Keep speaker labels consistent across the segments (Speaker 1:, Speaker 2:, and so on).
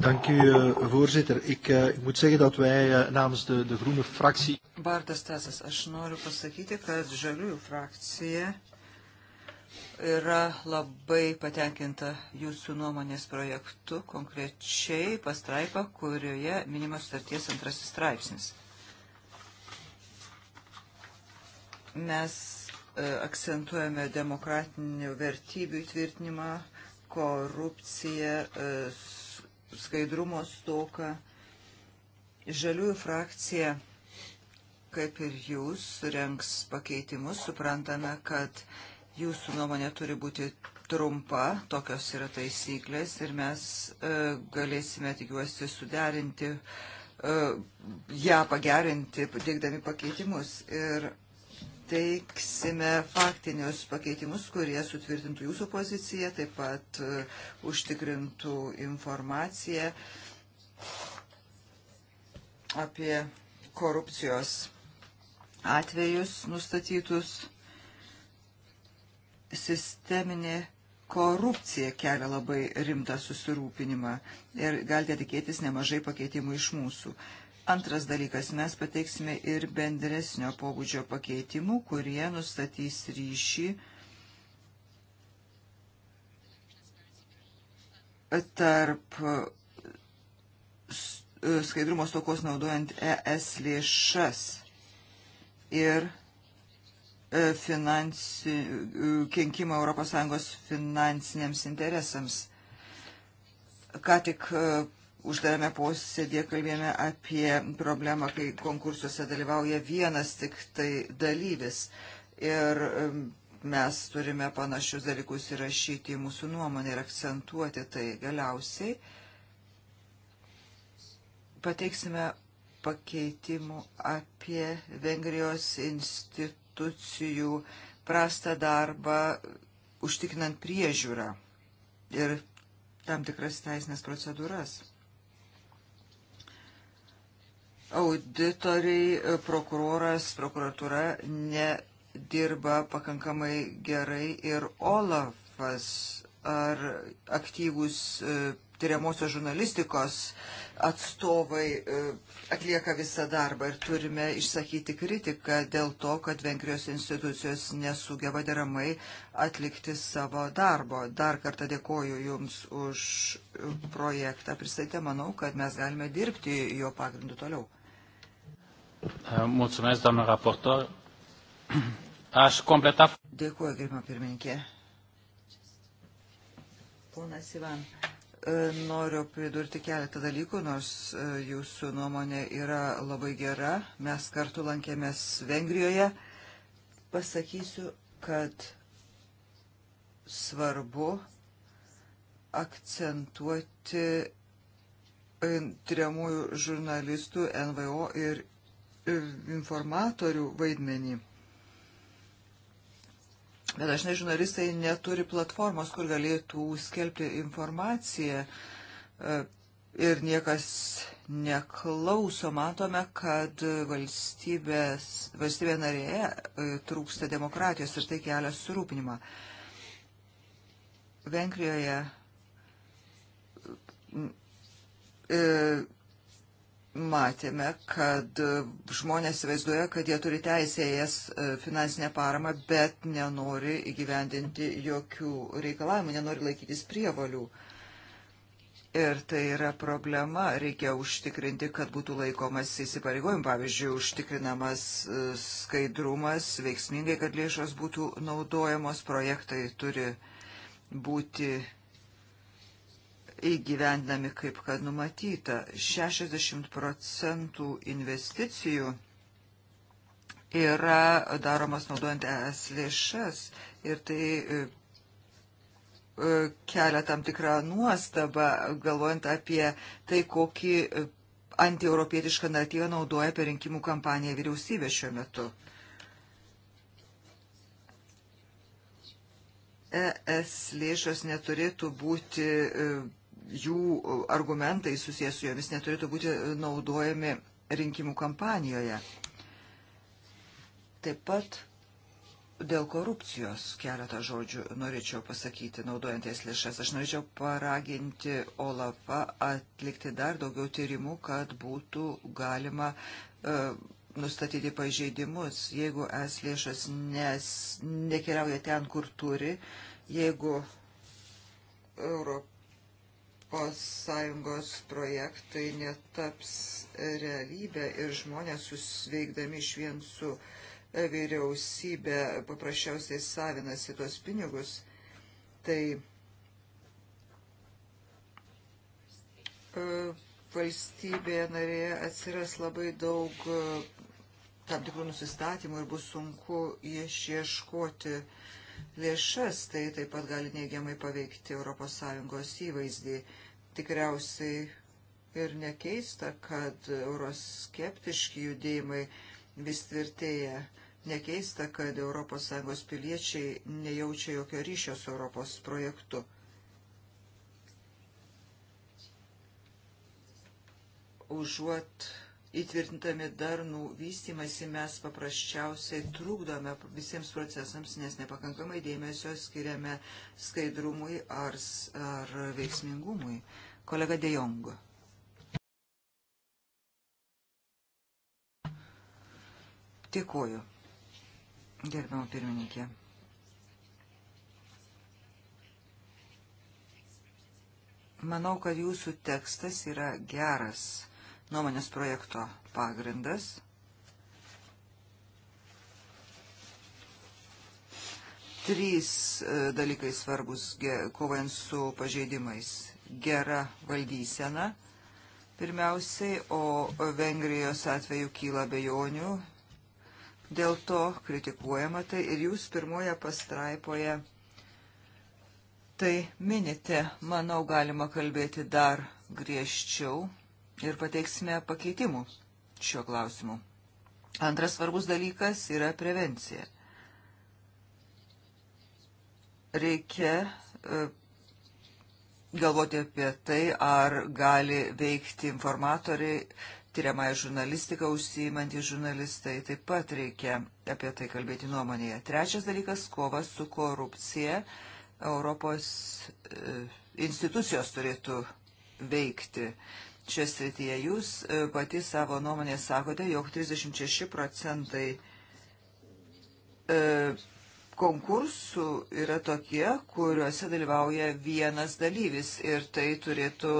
Speaker 1: Dank u, uh, voorzitter. Ik, uh, ik moet zeggen dat wij uh, namens de, de groene fractie...
Speaker 2: Bartas Tesas, aš noriu pasakyti, kad žaliųjų frakcija yra labai patenkinta jūsų nuomonės projektu, konkrečiai pastraipa, kurioje minimas sutarties antrasis straipsnis. Mes e, akcentuojame demokratinių vertybių įtvirtinimą, korupciją, e, skaidrumo stoką. Žaliųjų frakcija, kaip ir jūs, renks pakeitimus. Suprantame, kad jūsų nuomonė turi būti trumpa, tokios yra taisyklės ir mes e, galėsime, tikiuosi, suderinti, e, ją pagerinti, teikdami pakeitimus. Ir pateiksime faktinius pakeitimus, kurie sutvirtintų jūsų poziciją, taip pat uh, užtikrintų informaciją apie korupcijos atvejus nustatytus. Sisteminė korupcija kelia labai rimtą susirūpinimą ir galite tikėtis nemažai pakeitimų iš mūsų. Uh, Antras dalykas, mes pateiksime ir bendresnio pobūdžio pakeitimų, kurie nustatys ryšį tarp skaidrumo stokos naudojant ES lėšas ir e, finansi, kenkimą ES finansiniams interesams. Ką tik e, uždarame posėdėje kalbėjome apie problemą, kai konkursuose dalyvauja vienas tik tai dalyvis. Ir mes turime panašius dalykus įrašyti į mūsų nuomonę ir akcentuoti tai galiausiai. Pateiksime pakeitimų apie Vengrijos institucijų prastą darbą, užtikrinant priežiūrą ir tam tikras teisinės procedūras auditoriai, e, prokuroras, prokuratūra nedirba pakankamai gerai ir Olafas ar aktyvūs e, tyriamosios žurnalistikos atstovai e, atlieka visą darbą ir turime išsakyti kritiką dėl to, kad Vengrijos institucijos nesugeba deramai atlikti savo darbo. Dar kartą dėkoju Jums už projektą. Pristatė, manau, kad mes galime dirbti jo pagrindu toliau.
Speaker 1: Eh, mulțumesc, doamnă raportor. Aš completa. Dėkuoju,
Speaker 2: gerbama pirmininkė. Ponas Ivan, e, noriu pridurti keletą dalykų, nors e, jūsų nuomonė yra labai gera. Mes kartu lankėmės Vengrijoje. Pasakysiu, kad svarbu akcentuoti e, tiriamųjų žurnalistų NVO ir informatorių vaidmenį. Bet dažnai žurnalistai neturi platformos, kur galėtų skelbti informaciją e, ir niekas neklauso. Matome, kad valstybės, valstybė narėje e, trūksta demokratijos ir tai kelia surūpinimą. Vengrijoje e, matėme, kad žmonės įvaizduoja, kad jie turi teisę į jas e, finansinę paramą, bet nenori įgyvendinti jokių reikalavimų, nenori laikytis prievalių. Ir tai yra problema, reikia užtikrinti, kad būtų laikomas įsipareigojimų, pavyzdžiui, užtikrinamas e, skaidrumas, veiksmingai, kad lėšos būtų naudojamos, projektai turi būti įgyvendami kaip kad numatyta. 60 procentų investicijų yra daromas naudojant ES lėšas ir tai e, e, kelia tam tikrą nuostabą, galvojant apie tai, kokį antieuropietišką naratyvą naudoja per rinkimų kampaniją vyriausybė šiuo metu. ES lėšos neturėtų būti e, jų e, argumentai susijęs su jomis neturėtų būti naudojami rinkimų kampanijoje. Taip pat dėl korupcijos keletą žodžių norėčiau pasakyti, naudojantis lėšas. Aš norėčiau paraginti Olafą atlikti dar daugiau tyrimų, kad būtų galima uh, nustatyti pažeidimus, jeigu es lėšas nes, nekeliauja ten, kur turi, jeigu Europos ES projektai netaps realybė ir žmonės susveikdami iš vien su vyriausybė paprasčiausiai savinasi tuos pinigus, tai e, valstybėje narėje atsiras labai daug e, tam tikrų nusistatymų ir bus sunku išieškoti lėšas, tai taip pat gali neigiamai paveikti ES įvaizdį. Tikriausiai ir nekeista, kad euroskeptiški judėjimai vis tvirtėja. Nekeista, kad ES piliečiai nejaučia jokio ryšio su Europos projektu. Užuot įtvirtintami darnų vystimasi mes paprasčiausiai trukdome visiems procesams, nes nepakankamai dėmesio skiriame skaidrumui ar, ar veiksmingumui. Kolega Dejongo. Dėkuoju, gerbiamo pirmininkė. Manau, kad jūsų tekstas yra geras nuomonės projekto pagrindas. Trys e, dalykai svarbus kovojant su pažeidimais. Gera valdysena pirmiausiai, o Vengrijos atveju kyla bejonių. Dėl to kritikuojama tai ir jūs pirmoje pastraipoje tai minite. Manau, galima kalbėti dar griežčiau ir pateiksime pakeitimų šiuo klausimu. Antras svarbus dalykas yra prevencija. Reikia e, galvoti apie tai, ar gali veikti informatoriai, tyriamąją žurnalistiką užsiimantys žurnalistai. Taip pat reikia apie tai kalbėti nuomonėje. Trečias dalykas - kova su korupcija. Europos e, institucijos turėtų veikti čia srityje. Jūs e, pati savo nuomonė sakote, jog 36 procentai e, konkursų yra tokie, kuriuose dalyvauja vienas dalyvis ir tai turėtų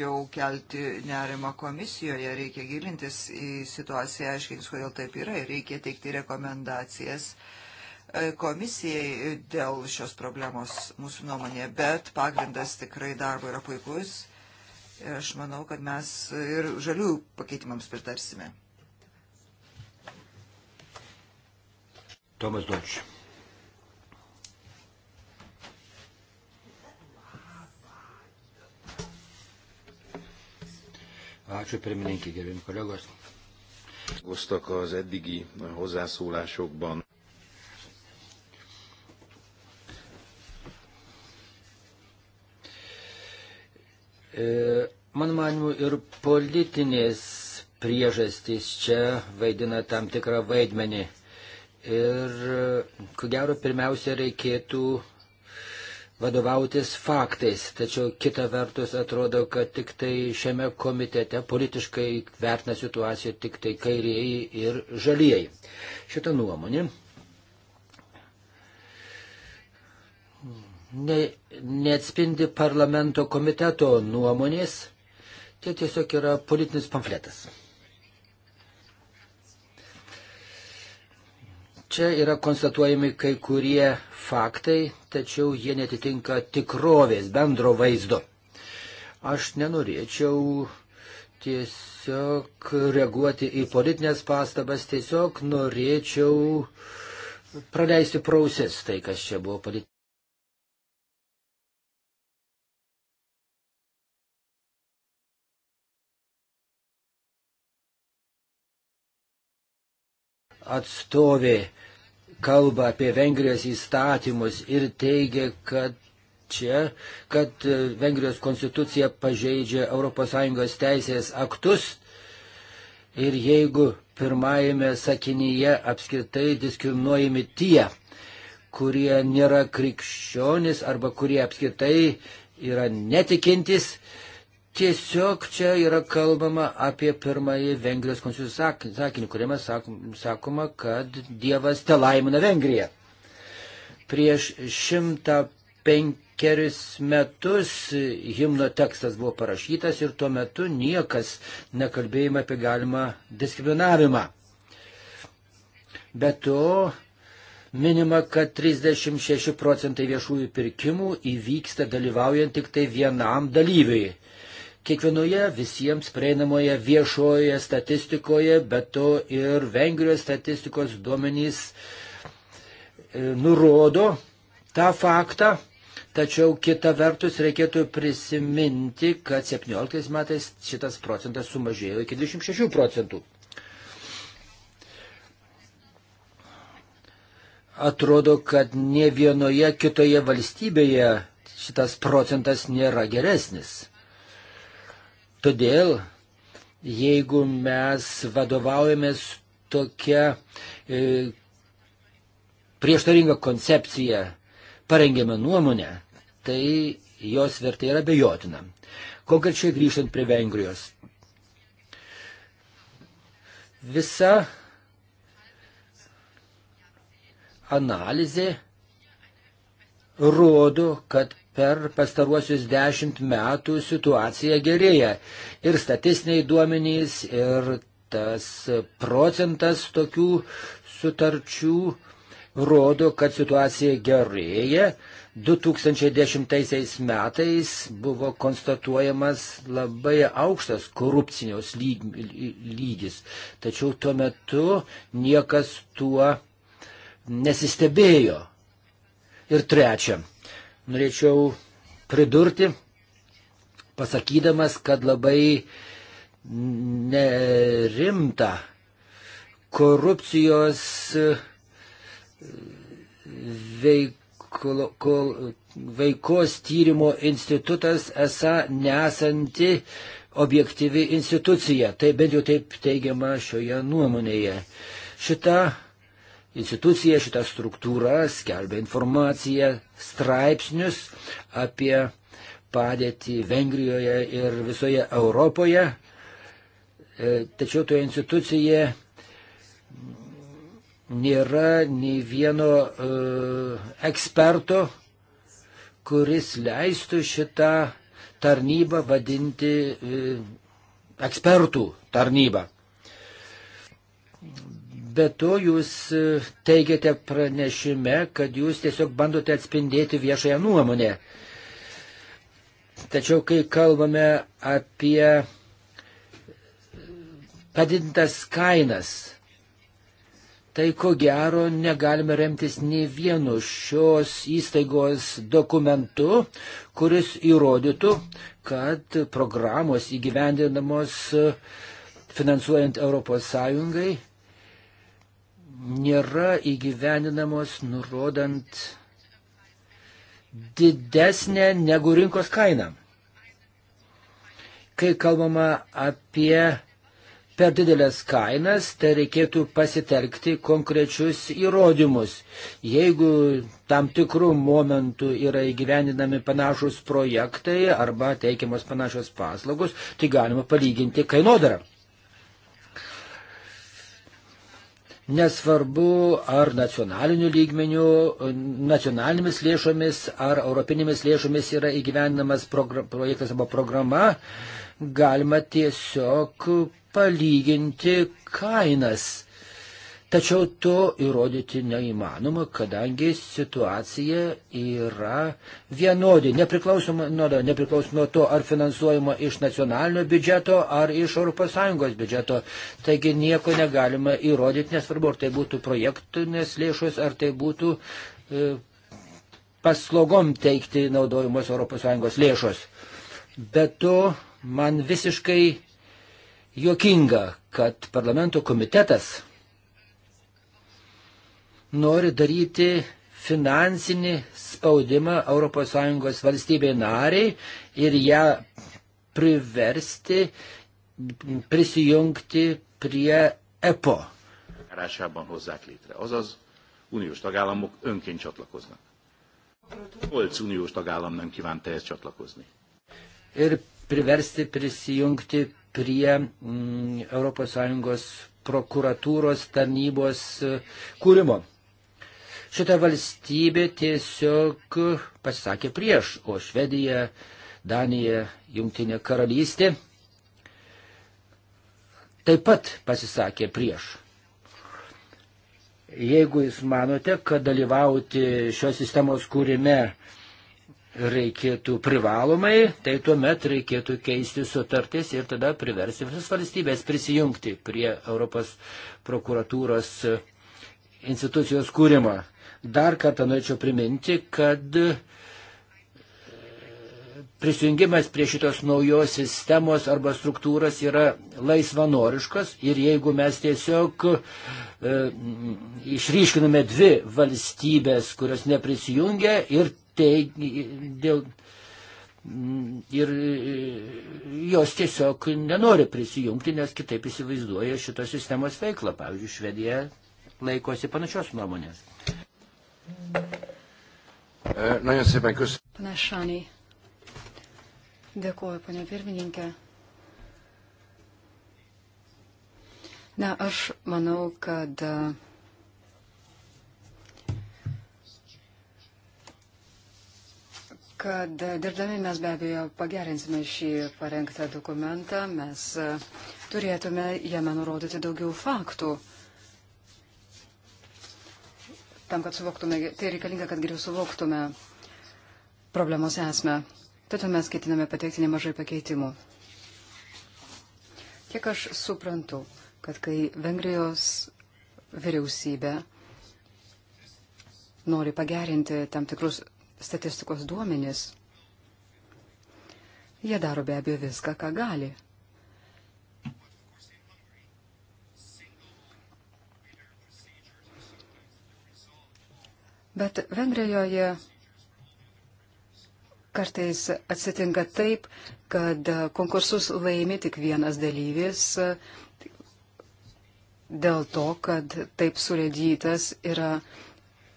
Speaker 2: jau kelti nerimą komisijoje. Reikia gilintis į situaciją, aiškintis, kodėl taip yra ir reikia teikti rekomendacijas e, komisijai dėl šios problemos mūsų nuomonė, bet pagrindas tikrai darbo yra puikus Ir aš manau, kad mes ir žalių pakeitimams pritarsime.
Speaker 1: Tomas Doč. Ačiū pirmininkė, gerbim kolegos. Osztak az eddigi hozzászólásokban. E, Man manimu, ir politinės priežastys čia vaidina tam tikrą vaidmenį. Ir, e, ko gero, pirmiausia, reikėtų vadovautis faktais, tačiau kita vertus atrodo, kad tik tai šiame komitete politiškai vertina situaciją tik tai kairieji ir žalieji. Šitą nuomonę ne, neatspindi parlamento komiteto nuomonės, tai tiesiog yra politinis pamfletas. Čia yra konstatuojami kai kurie faktai, tačiau jie netitinka tikrovės bendro vaizdo. Aš nenorėčiau tiesiog reaguoti į politinės pastabas, tiesiog norėčiau praleisti prausis tai, kas čia buvo politinė. atstovė kalba apie Vengrijos įstatymus ir teigia, kad čia, kad e, Vengrijos konstitucija pažeidžia ES teisės aktus ir jeigu pirmajame sakinyje apskritai diskriminuojami tie, kurie nėra krikščionis arba kurie apskritai yra netikintis, Tiesiog čia yra kalbama apie pirmąjį Vengrijos konstitucijos sakinį, kuriame sakoma, kad Dievas te laimina Vengriją. Prieš 105 metus himno tekstas buvo parašytas ir tuo metu niekas nekalbėjome apie galimą diskriminavimą. Be to, Minima, kad 36 procentai viešųjų pirkimų įvyksta dalyvaujant tik tai vienam dalyviui kiekvienoje visiems prieinamoje viešoje statistikoje, bet to ir Vengrijos statistikos duomenys e, nurodo tą faktą. Tačiau kita vertus reikėtų prisiminti, kad 17 metais šitas procentas sumažėjo iki 26 procentų. Atrodo, kad ne vienoje kitoje valstybėje šitas procentas nėra geresnis. Todėl, jeigu mes vadovaujamės tokia e, prieštaringa koncepcija, parengėme nuomonę, tai jos vertė yra bejotina. Konkrečiai grįžtant prie Vengrijos. Visa analizė rodo, kad per pastaruosius dešimt metų situacija gerėja. Ir statistiniai duomenys, ir tas procentas tokių sutarčių rodo, kad situacija gerėja. 2010 metais buvo konstatuojamas labai aukštas korupcinios lygis, tačiau tuo metu niekas tuo nesistebėjo. Ir trečia, norėčiau pridurti, pasakydamas, kad labai nerimta korupcijos veiklo, kol, veikos tyrimo institutas esą nesanti objektyvi institucija. Tai bent jau taip teigiama šioje nuomonėje. Šita institucija, šita struktūra skelbia informaciją, straipsnius apie padėtį Vengrijoje ir visoje Europoje. E, tačiau toje institucijoje nėra nei vieno uh, eksperto, kuris leistų šitą tarnybą vadinti uh, ekspertų tarnybą. Be to jūs e, teigiate pranešime, kad jūs tiesiog bandote atspindėti viešąją nuomonę. Tačiau kai kalbame apie padidintas kainas, tai ko gero negalime remtis nei vienu šios įstaigos dokumentu, kuris įrodytų, kad programos įgyvendinamos e, finansuojant ES nėra įgyvendinamos nurodant didesnę negu rinkos kainą. Kai kalbama apie per didelės kainas, tai reikėtų pasitelkti konkrečius įrodymus. Jeigu tam tikrų momentų yra įgyvendinami panašus projektai arba teikiamos panašios paslaugos, tai galima palyginti kainodarą. Nesvarbu, ar nacionaliniu lygmeniu, nacionalinėmis lėšomis, ar europinėmis lėšomis yra įgyvendinamas projektas arba programa, galima tiesiog palyginti kainas Tačiau to įrodyti neįmanoma, kadangi situacija yra vienodi, nepriklausoma nuo nepriklausoma to, ar finansuojama iš nacionalinio biudžeto, ar iš ES biudžeto. Taigi nieko negalima įrodyti, nesvarbu, ar tai būtų projektinės lėšos, ar tai būtų e, paslaugom teikti naudojamos ES lėšos. Bet to man visiškai jokinga, kad parlamento komitetas nori daryti finansinį spaudimą ES valstybei nariai ir ją priversti prisijungti prie EPO.
Speaker 3: Rásában hozzák létre. Azaz, uniós tagállamok önként csatlakoznak. Nyolc uniós tagállam nem kívánt ehhez csatlakozni.
Speaker 1: Ir priversti prisijungti prie mm, ES prokuratūros tarnybos e, kūrimo šita valstybė tiesiog pasisakė prieš, o Švedija, Danija, Jungtinė karalystė taip pat pasisakė prieš. Jeigu jūs manote, kad dalyvauti šios sistemos kūrime reikėtų privalomai, tai tuomet reikėtų keisti sutartis ir tada priversti visas valstybės prisijungti prie Europos prokuratūros institucijos kūrimo. Dar kartą norėčiau priminti, kad e, prisijungimas prie šitos naujos sistemos arba struktūros yra laisvanoriškas ir jeigu mes tiesiog e, išryškiname dvi valstybės, kurios neprisijungia ir, teig, dėl, mm, ir e, jos tiesiog nenori prisijungti, nes kitaip įsivaizduoja šitos sistemos veiklą. Pavyzdžiui, Švedija laikosi panašios nuomonės. Nagyon szépen köszönöm.
Speaker 3: Pane Sani, dėkuoju, pane pirmininkė. Na, aš manau, kad kad dirbdami mes be abejo pagerinsime šį parengtą dokumentą, mes turėtume jame nurodyti daugiau faktų tam, kad suvoktume, tai reikalinga, kad geriau suvoktume problemos esmę. Todėl mes ketiname pateikti nemažai pakeitimų. Kiek aš suprantu, kad kai Vengrijos vyriausybė nori pagerinti tam tikrus statistikos duomenis, jie daro be abejo viską, ką gali. Bet Vengrijoje kartais atsitinka taip, kad konkursus laimi tik vienas dalyvis dėl to, kad taip surėdytas yra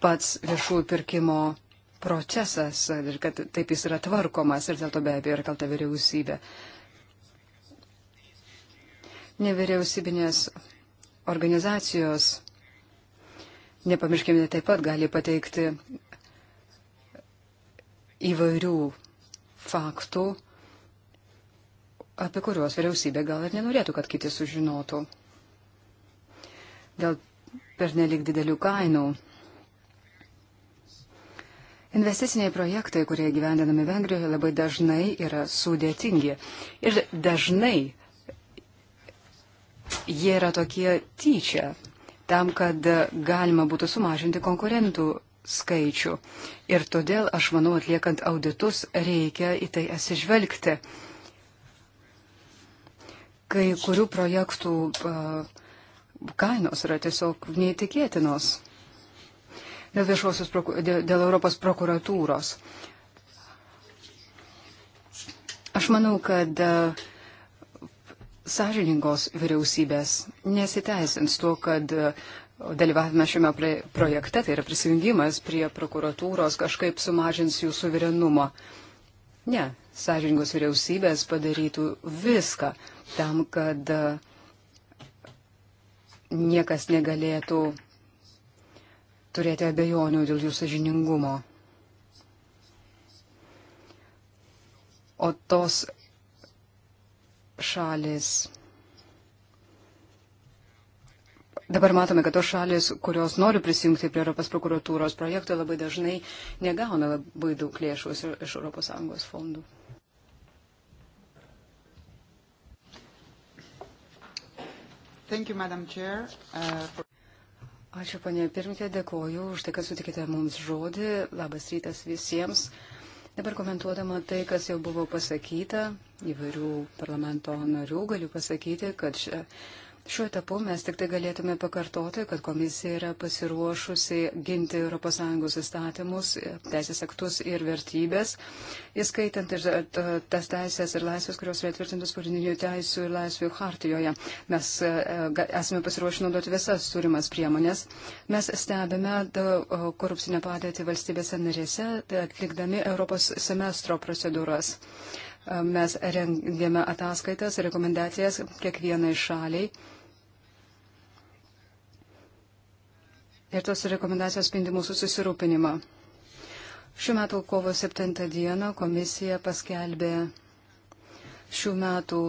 Speaker 3: pats viešųjų pirkimo procesas ir kad taip jis yra tvarkomas ir dėl to be abejo yra kalta vyriausybė. Nevyriausybinės organizacijos nepamirškime, taip pat gali pateikti įvairių faktų, apie kuriuos vyriausybė gal ir nenorėtų, kad kiti sužinotų. Dėl pernelik didelių kainų. Investiciniai projektai, kurie gyvendinami Vengrijoje, labai dažnai yra sudėtingi. Ir dažnai jie yra tokie tyčia tam, kad galima būtų sumažinti konkurentų skaičių. Ir todėl, aš manau, atliekant auditus, reikia į tai atsižvelgti. Kai kurių projektų kainos yra tiesiog neįtikėtinos dėl, viešosios, dėl Europos prokuratūros. Aš manau, kad uh, sąžiningos vyriausybės nesiteisins tuo, kad e, dalyvavimas šiame projekte, tai yra prisijungimas prie prokuratūros, kažkaip sumažins jų suverenumą. Ne, sąžiningos vyriausybės padarytų viską tam, kad e, niekas negalėtų turėti abejonių dėl jų sažiningumo. O tos šalis. Dabar matome, kad tos šalis, kurios nori prisijungti prie Europos prokuratūros projekto, labai dažnai negauna labai daug lėšų iš ES fondų. Thank you, Madam Chair. Uh, for... Ačiū, panė pirmininkė, dėkoju už tai, kad sutikite mums žodį. Labas rytas visiems. Uh, Dabar komentuodama tai, kas jau buvo pasakyta įvairių parlamento narių, galiu pasakyti, kad Šiuo etapu mes tik tai galėtume pakartoti, kad komisija yra pasiruošusi ginti ES įstatymus, teisės aktus ir vertybės, įskaitant ir e, tas teisės ir laisvės, kurios yra įtvirtintos pagrindinių teisų ir laisvių hartijoje. Mes e, esame pasiruošę naudoti visas turimas priemonės. Mes stebime korupcinę padėtį valstybėse narėse, atlikdami Europos semestro procedūras e, mes rengiame ataskaitas, rekomendacijas kiekvienai šaliai. ir tos rekomendacijos spindi mūsų susirūpinimą. Šių metų kovo 7 dieną komisija paskelbė šių metų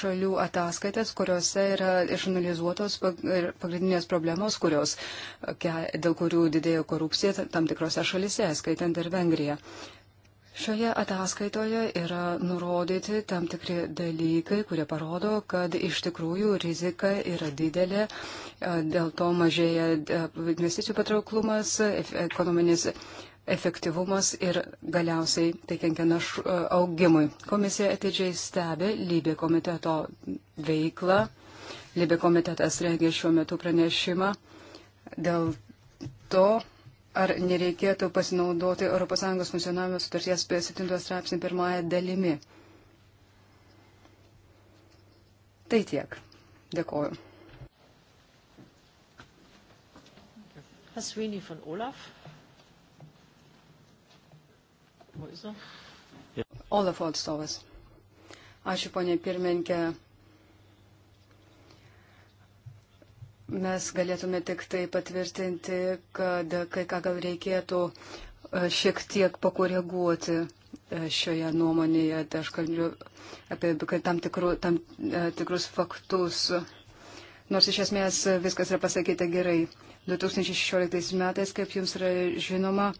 Speaker 3: šalių ataskaitas, kuriuose yra išanalizuotos pagrindinės problemos, kurios, dėl kurių didėjo korupcija tam tikrose šalise, skaitant ir Vengriją. Šioje ataskaitoje yra nurodyti tam tikri dalykai, kurie parodo, kad iš tikrųjų rizika yra didelė, dėl to mažėja investicijų patrauklumas, ekonominis efektyvumas ir galiausiai tai kenkia naš augimui. Komisija atidžiai stebi lybė komiteto veiklą. Lybė komitetas rengia šiuo metu pranešimą dėl to, ar nereikėtų pasinaudoti ES funkcionavimo sutarties 7 straipsnį pirmąją dalimi. Tai tiek. Dėkoju. Hasvini von Olaf. Er? Olafo atstovas. Ačiū, ponė pirmininkė. Mes galėtume tik tai patvirtinti, kad kai ką gal reikėtų e, šiek tiek pakoreguoti e, šioje nuomonėje. Tai aš kalbu apie tam, tikru, tam e, tikrus faktus. Nors iš esmės viskas yra pasakyta gerai. 2016 metais, kaip jums yra žinoma,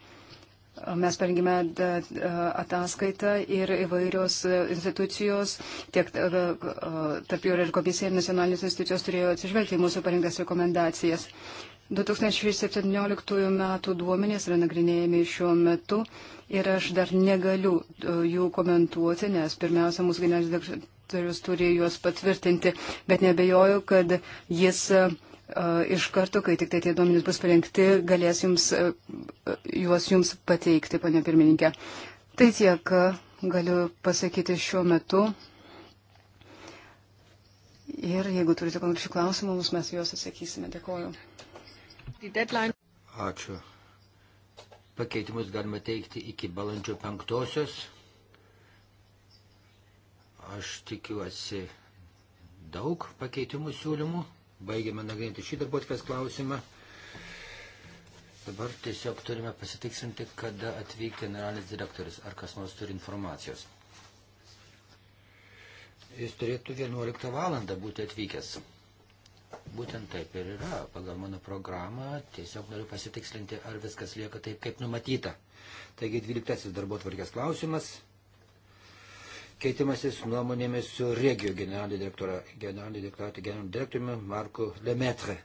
Speaker 3: Mes parengėme ataskaitą ir įvairios e, institucijos, tiek e, e, tarp jų ir komisija ir nacionalinės institucijos turėjo atsižvelgti į mūsų parengtas rekomendacijas. 2017 metų duomenės yra nagrinėjami šiuo metu ir aš dar negaliu jų komentuoti, nes pirmiausia, mūsų generalinis direktorius turi juos patvirtinti, bet nebejoju, kad jis. Uh, iš karto, kai tik tai tie duomenys bus parengti, galės jums, juos jums pateikti, panė pirmininkė. Tai tiek galiu pasakyti šiuo metu. Ir jeigu turite panašių klausimų, mes juos atsakysime. Dėkoju.
Speaker 1: Ačiū. Pakeitimus galima teikti iki balandžio penktosios. Aš tikiuosi daug pakeitimų siūlymų baigiame nagrinėti šį darbuotvės klausimą. Dabar tiesiog turime pasitiksinti, kada atvyk generalinis direktorius, ar kas nors turi informacijos. Jis turėtų 11 valandą būti atvykęs. Būtent taip ir yra. Pagal mano programą tiesiog noriu pasitikslinti, ar viskas lieka taip, kaip numatyta. Taigi 12 darbo tvarkės klausimas keitimasis nuomonėmis su regio generalinio direktorio, generalinio direktorio, generalinio direktoriumi Marku Lemetre.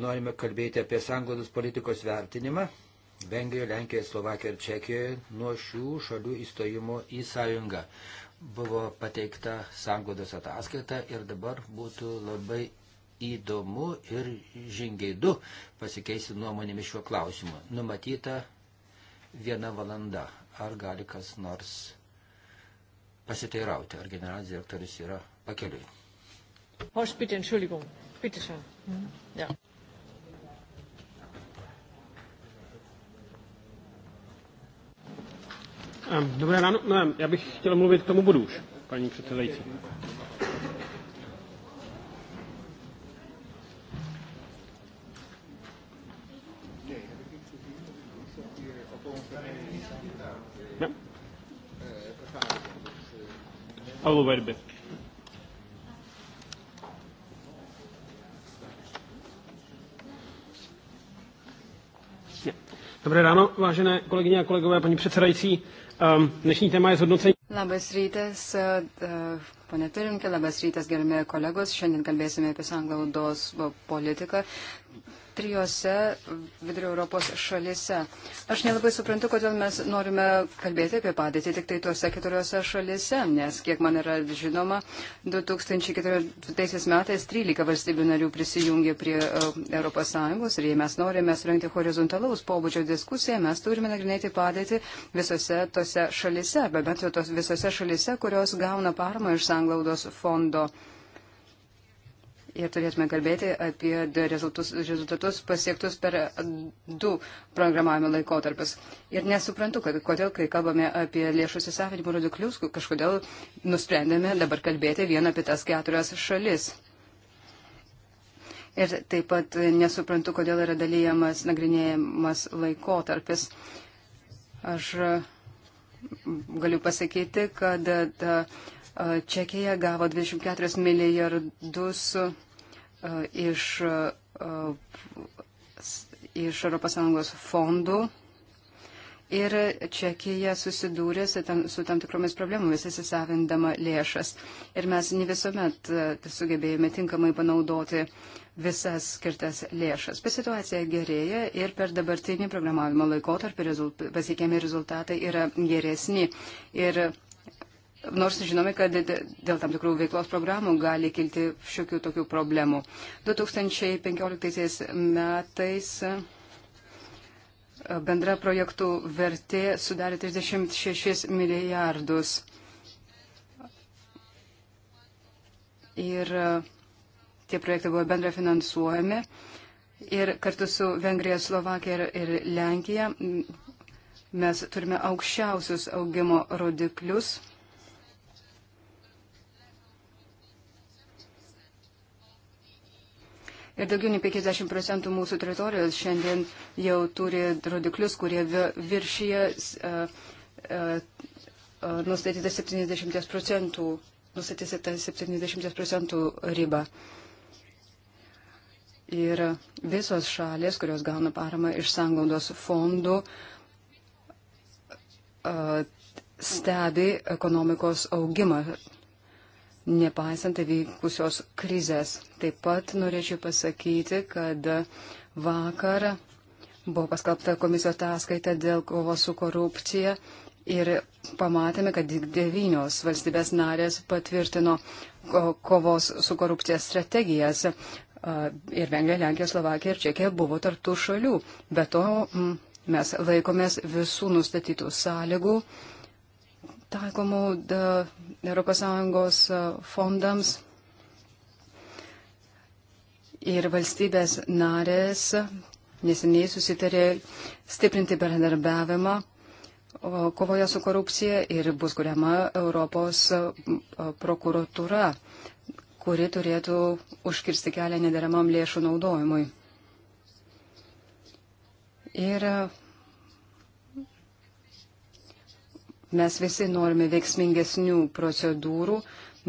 Speaker 1: Norime kalbėti apie sanglodus politikos vertinimą Vengrijoje, Lenkijoje, Slovakijoje ir Čekijoje nuo šių šalių įstojimo į sąjungą. Buvo pateikta sanglodos ataskaita ir dabar būtų labai įdomu ir žingeidu pasikeisti nuomonėmis šiuo klausimu. Numatyta viena valanda Ar gali kas nors pasiteirauti, ar generalinis direktorius yra pakeliui?
Speaker 3: Horst, bitte, Entschuldigung. Bitte schön. Mhm. Ja.
Speaker 1: Ehm, dobré ráno, ehm, já bych chtěl mluvit k tomu bodu už, paní předsedající. I will wait a bit. Dobré ráno, vážené kolegyně a kolegové, paní předsedající. Ehm, dnešní téma je zhodnocení.
Speaker 3: Labas rytas, eh, pane Turinkė, labas rytas, gerbėjai kolegos. Šiandien kalbėsime apie sanglaudos politiką trijose vidurio Europos šalise. Aš nelabai suprantu, kodėl mes norime kalbėti apie padėtį tik tai tuose keturiose šalise, nes, kiek man yra žinoma, 2014 metais 13 valstybių narių prisijungė prie ES ir jei mes norime surinkti horizontalaus pobūdžio diskusiją, mes turime nagrinėti padėtį visose tose šalise, arba bent jau tos visose šalise, kurios gauna paramą iš sanglaudos fondo ir turėtume kalbėti apie rezultatus, rezultatus pasiektus per du programavimo laikotarpius. Ir nesuprantu, kad kodėl, kai kalbame apie lėšų įsisavinimo rodiklius, kažkodėl nusprendėme dabar kalbėti vieną apie tas keturias šalis. Ir taip pat nesuprantu, kodėl yra dalyjamas nagrinėjimas laikotarpis. Aš e, galiu pasakyti, kad ta, e, Čekija gavo 24 milijardus E, iš, e, iš ES fondų. Ir Čekija susidūrė su tam, su tam tikromis problemomis įsisavindama lėšas. Ir mes ne visuomet e, sugebėjome tinkamai panaudoti visas skirtas lėšas. Bet situacija gerėja ir per dabartinį programavimo laikotarpį rezult, pasiekėmi rezultatai yra geresni. Ir Nors žinome, kad dėl tam tikrų veiklos programų gali kilti šiokių tokių problemų. 2015 metais e, bendra projektų vertė sudarė 36 milijardus. Ir e, tie projektai buvo bendra finansuojami. Ir kartu su Vengrija, Slovakija ir Lenkija mes turime aukščiausius augimo rodiklius Ir daugiau nei 50 procentų mūsų teritorijos šiandien jau turi rodiklius, kurie viršyje uh, uh, nustatytą 70 procentų, nustatytą 70 procentų ribą. Ir visos šalės, kurios gauna paramą iš sangondos fondų, uh, stebi ekonomikos augimą nepaisant įvykusios krizės. Taip pat norėčiau pasakyti, kad vakar buvo paskelbta komisijos ataskaita dėl kovos su korupcija ir pamatėme, kad devynios valstybės narės patvirtino kovos su korupcija strategijas. Ir Vengrija, Lenkija, Slovakija ir Čekija buvo tarptų šalių. Be to mes laikomės visų nustatytų sąlygų taikomų ES fondams ir valstybės narės neseniai susitarė stiprinti bendradarbiavimą kovoje su korupcija ir bus kuriama Europos prokuratūra, kuri turėtų užkirsti kelią nederamam lėšų naudojimui. Ir Mes visi norime veiksmingesnių procedūrų,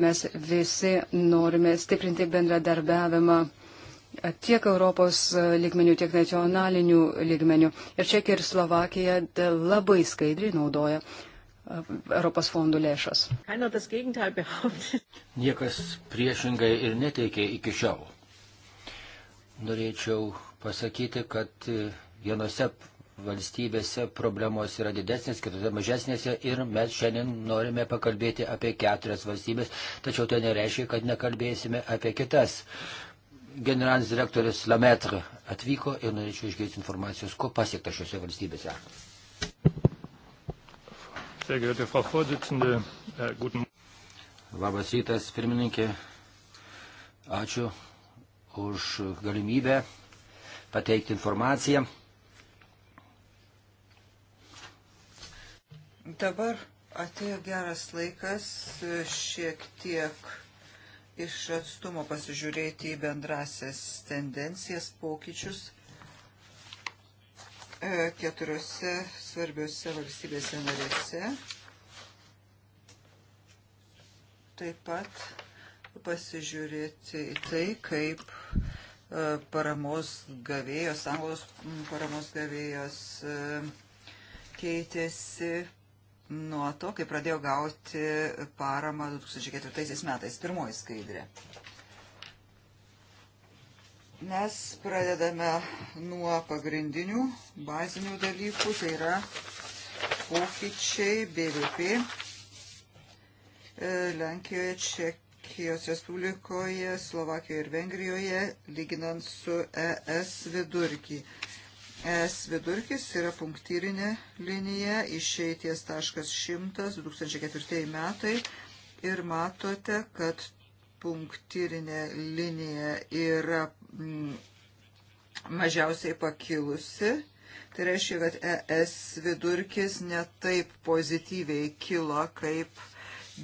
Speaker 3: mes visi norime stiprinti bendradarbiavimą tiek Europos lygmenių, tiek nacionalinių lygmenių. Ir Čekija ir Slovakija labai skaidriai naudoja e, Europos fondų lėšas.
Speaker 1: Niekas priešingai ir neteikė iki šiol. Norėčiau pasakyti, kad e, vienose valstybėse problemos yra didesnės, kitose mažesnėse ir mes šiandien norime pakalbėti apie keturias valstybės, tačiau tai nereiškia, kad nekalbėsime apie kitas. Generalinis direktorius Lametre atvyko ir norėčiau išgirsti informacijos, ko pasiekta šiuose valstybėse. Äh, Labas rytas, pirmininkė. Ačiū už galimybę pateikti informaciją.
Speaker 2: Dabar atėjo geras laikas e, šiek tiek iš atstumo pasižiūrėti į bendrasias tendencijas, pokyčius e, keturiose svarbiose valstybėse narėse. Taip pat pasižiūrėti į tai, kaip e, paramos gavėjos, anglos paramos gavėjos keitėsi nuo to, kai pradėjo gauti paramą 2004 metais. Pirmoji skaidrė. Mes pradedame nuo pagrindinių, bazinių dalykų, tai yra pokyčiai BVP e, Lenkijoje, Čekijos Respublikoje, Slovakijoje ir Vengrijoje, lyginant su ES vidurkį. Es vidurkis yra punktyrinė linija, išeities taškas 100, 2004 metai ir matote, kad punktyrinė linija yra mm, mažiausiai pakilusi. Tai reiškia, kad ES vidurkis netaip pozityviai kilo kaip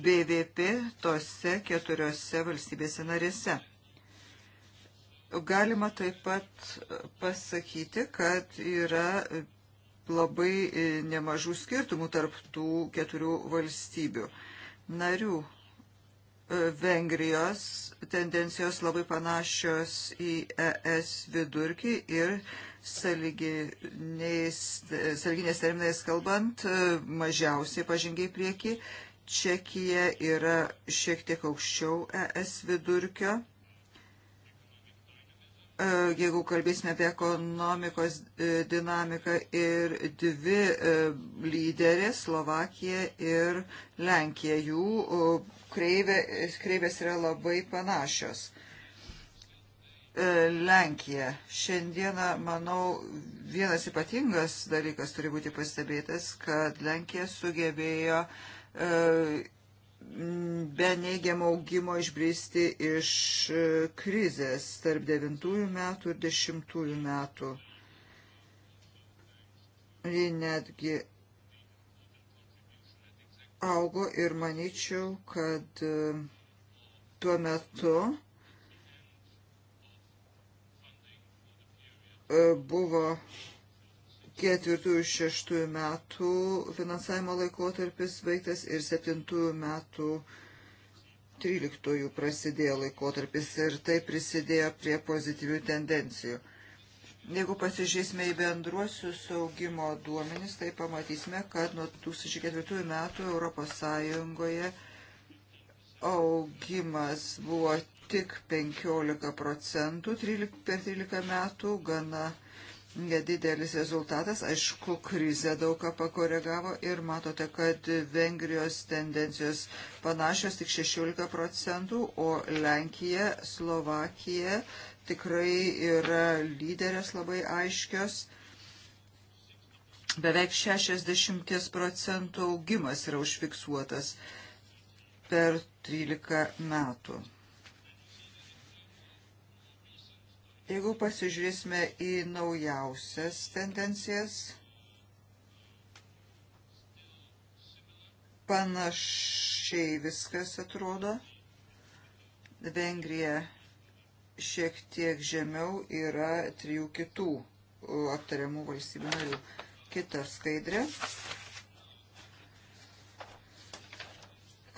Speaker 2: BVP tose keturiose valstybėse narėse. Galima taip pat pasakyti, kad yra labai e, nemažų skirtumų tarp tų keturių valstybių narių. E, Vengrijos tendencijos labai panašios į ES vidurkį ir salginės terminais kalbant e, mažiausiai pažengiai prieki. Čekija yra šiek tiek aukščiau ES vidurkio E, jeigu kalbėsime apie ekonomikos e, dinamiką ir dvi e, lyderės, Slovakija ir Lenkija, jų kreivė, kreivės yra labai panašios. Lenkija. Šiandieną, manau, vienas ypatingas dalykas turi būti pastebėtas, kad Lenkija sugebėjo be neigiamo augimo išbristi iš e, krizės tarp 9 metų ir 10 metų. Ji netgi augo ir manyčiau, kad e, tuo metu e, buvo ketvirtųjų šeštųjų metų finansavimo laikotarpis baigtas ir septintųjų metų tryliktųjų prasidėjo laikotarpis ir tai prisidėjo prie pozityvių tendencijų. Jeigu pasižiūrėsime į bendruosius saugimo duomenis, tai pamatysime, kad nuo 2004 metų Europos Sąjungoje augimas buvo tik 15 procentų 13, per 13 metų, gana nedidelis rezultatas, aišku, krizė daug ką pakoregavo ir matote, kad Vengrijos tendencijos panašios tik 16 procentų, o Lenkija, Slovakija tikrai yra lyderės labai aiškios. Beveik 60 procentų augimas yra užfiksuotas per 13 metų. Jeigu pasižiūrėsime į naujausias tendencijas, panašiai viskas atrodo. Vengrija šiek tiek žemiau yra trijų kitų aptariamų valstybių narių. Kita skaidrė.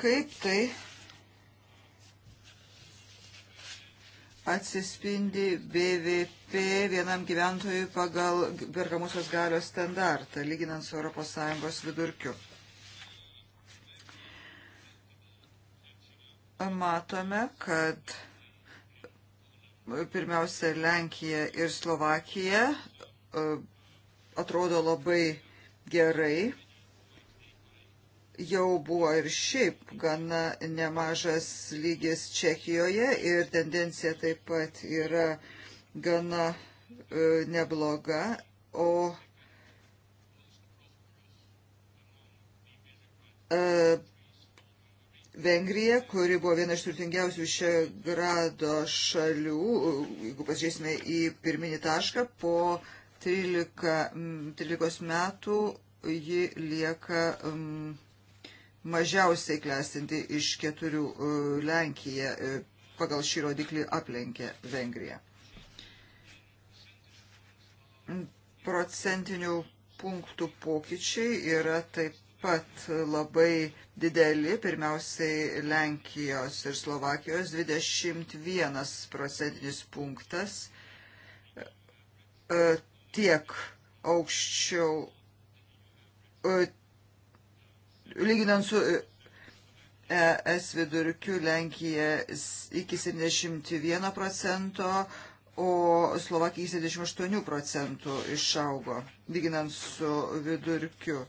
Speaker 2: Kaip tai atsispindi BVP vienam gyventojui pagal perkamosios galios standartą, lyginant su ES vidurkiu. Matome, kad pirmiausia Lenkija ir Slovakija e, atrodo labai gerai jau buvo ir šiaip gana nemažas lygis Čekijoje ir tendencija taip pat yra gana e, nebloga, o e, Vengrija, kuri buvo viena iš turtingiausių šio grado šalių, jeigu pasižiūrėsime į pirminį tašką, po 13, 13 metų ji lieka um, mažiausiai klestinti iš keturių e, Lenkija e, pagal šį rodiklį aplenkė Vengriją. Procentinių punktų pokyčiai yra taip pat labai dideli, pirmiausiai Lenkijos ir Slovakijos 21 procentinis punktas e, tiek aukščiau lyginant su ES e vidurkiu Lenkija iki 71 procento, o Slovakija iki 78 procentų išaugo, lyginant su vidurkiu.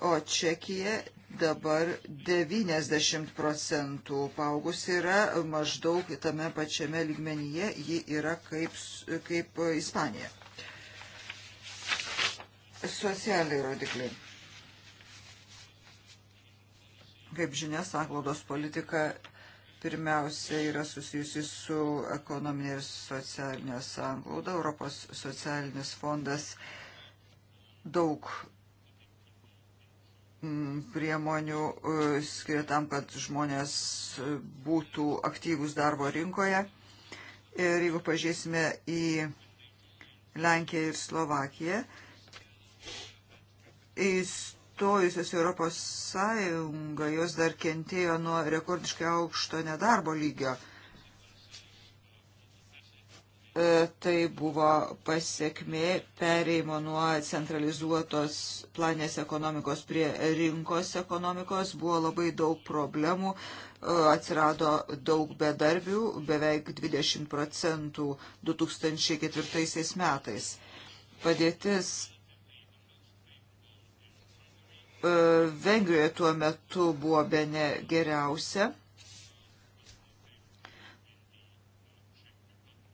Speaker 2: O Čekija dabar 90 procentų paaugus yra maždaug tame pačiame lygmenyje, ji yra kaip, kaip Ispanija. Socialiai rodikliai Kaip žinia, sanglaudos politika pirmiausia yra susijusi su ekonominė ir socialinė sanglauda. Europos socialinis fondas daug mm, priemonių e, skiria tam, kad žmonės būtų aktyvus darbo rinkoje. Ir jeigu pažiūrėsime į Lenkiją ir Slovakiją, jis įstojusios Europos Sąjungą, jos dar kentėjo nuo rekordiškai aukšto nedarbo lygio. E, tai buvo pasiekmė pereimo nuo centralizuotos planės ekonomikos prie rinkos ekonomikos. Buvo labai daug problemų, e, atsirado daug bedarbių, beveik 20 procentų 2004 metais. Padėtis E, Vengrijoje tuo metu buvo bene geriausia.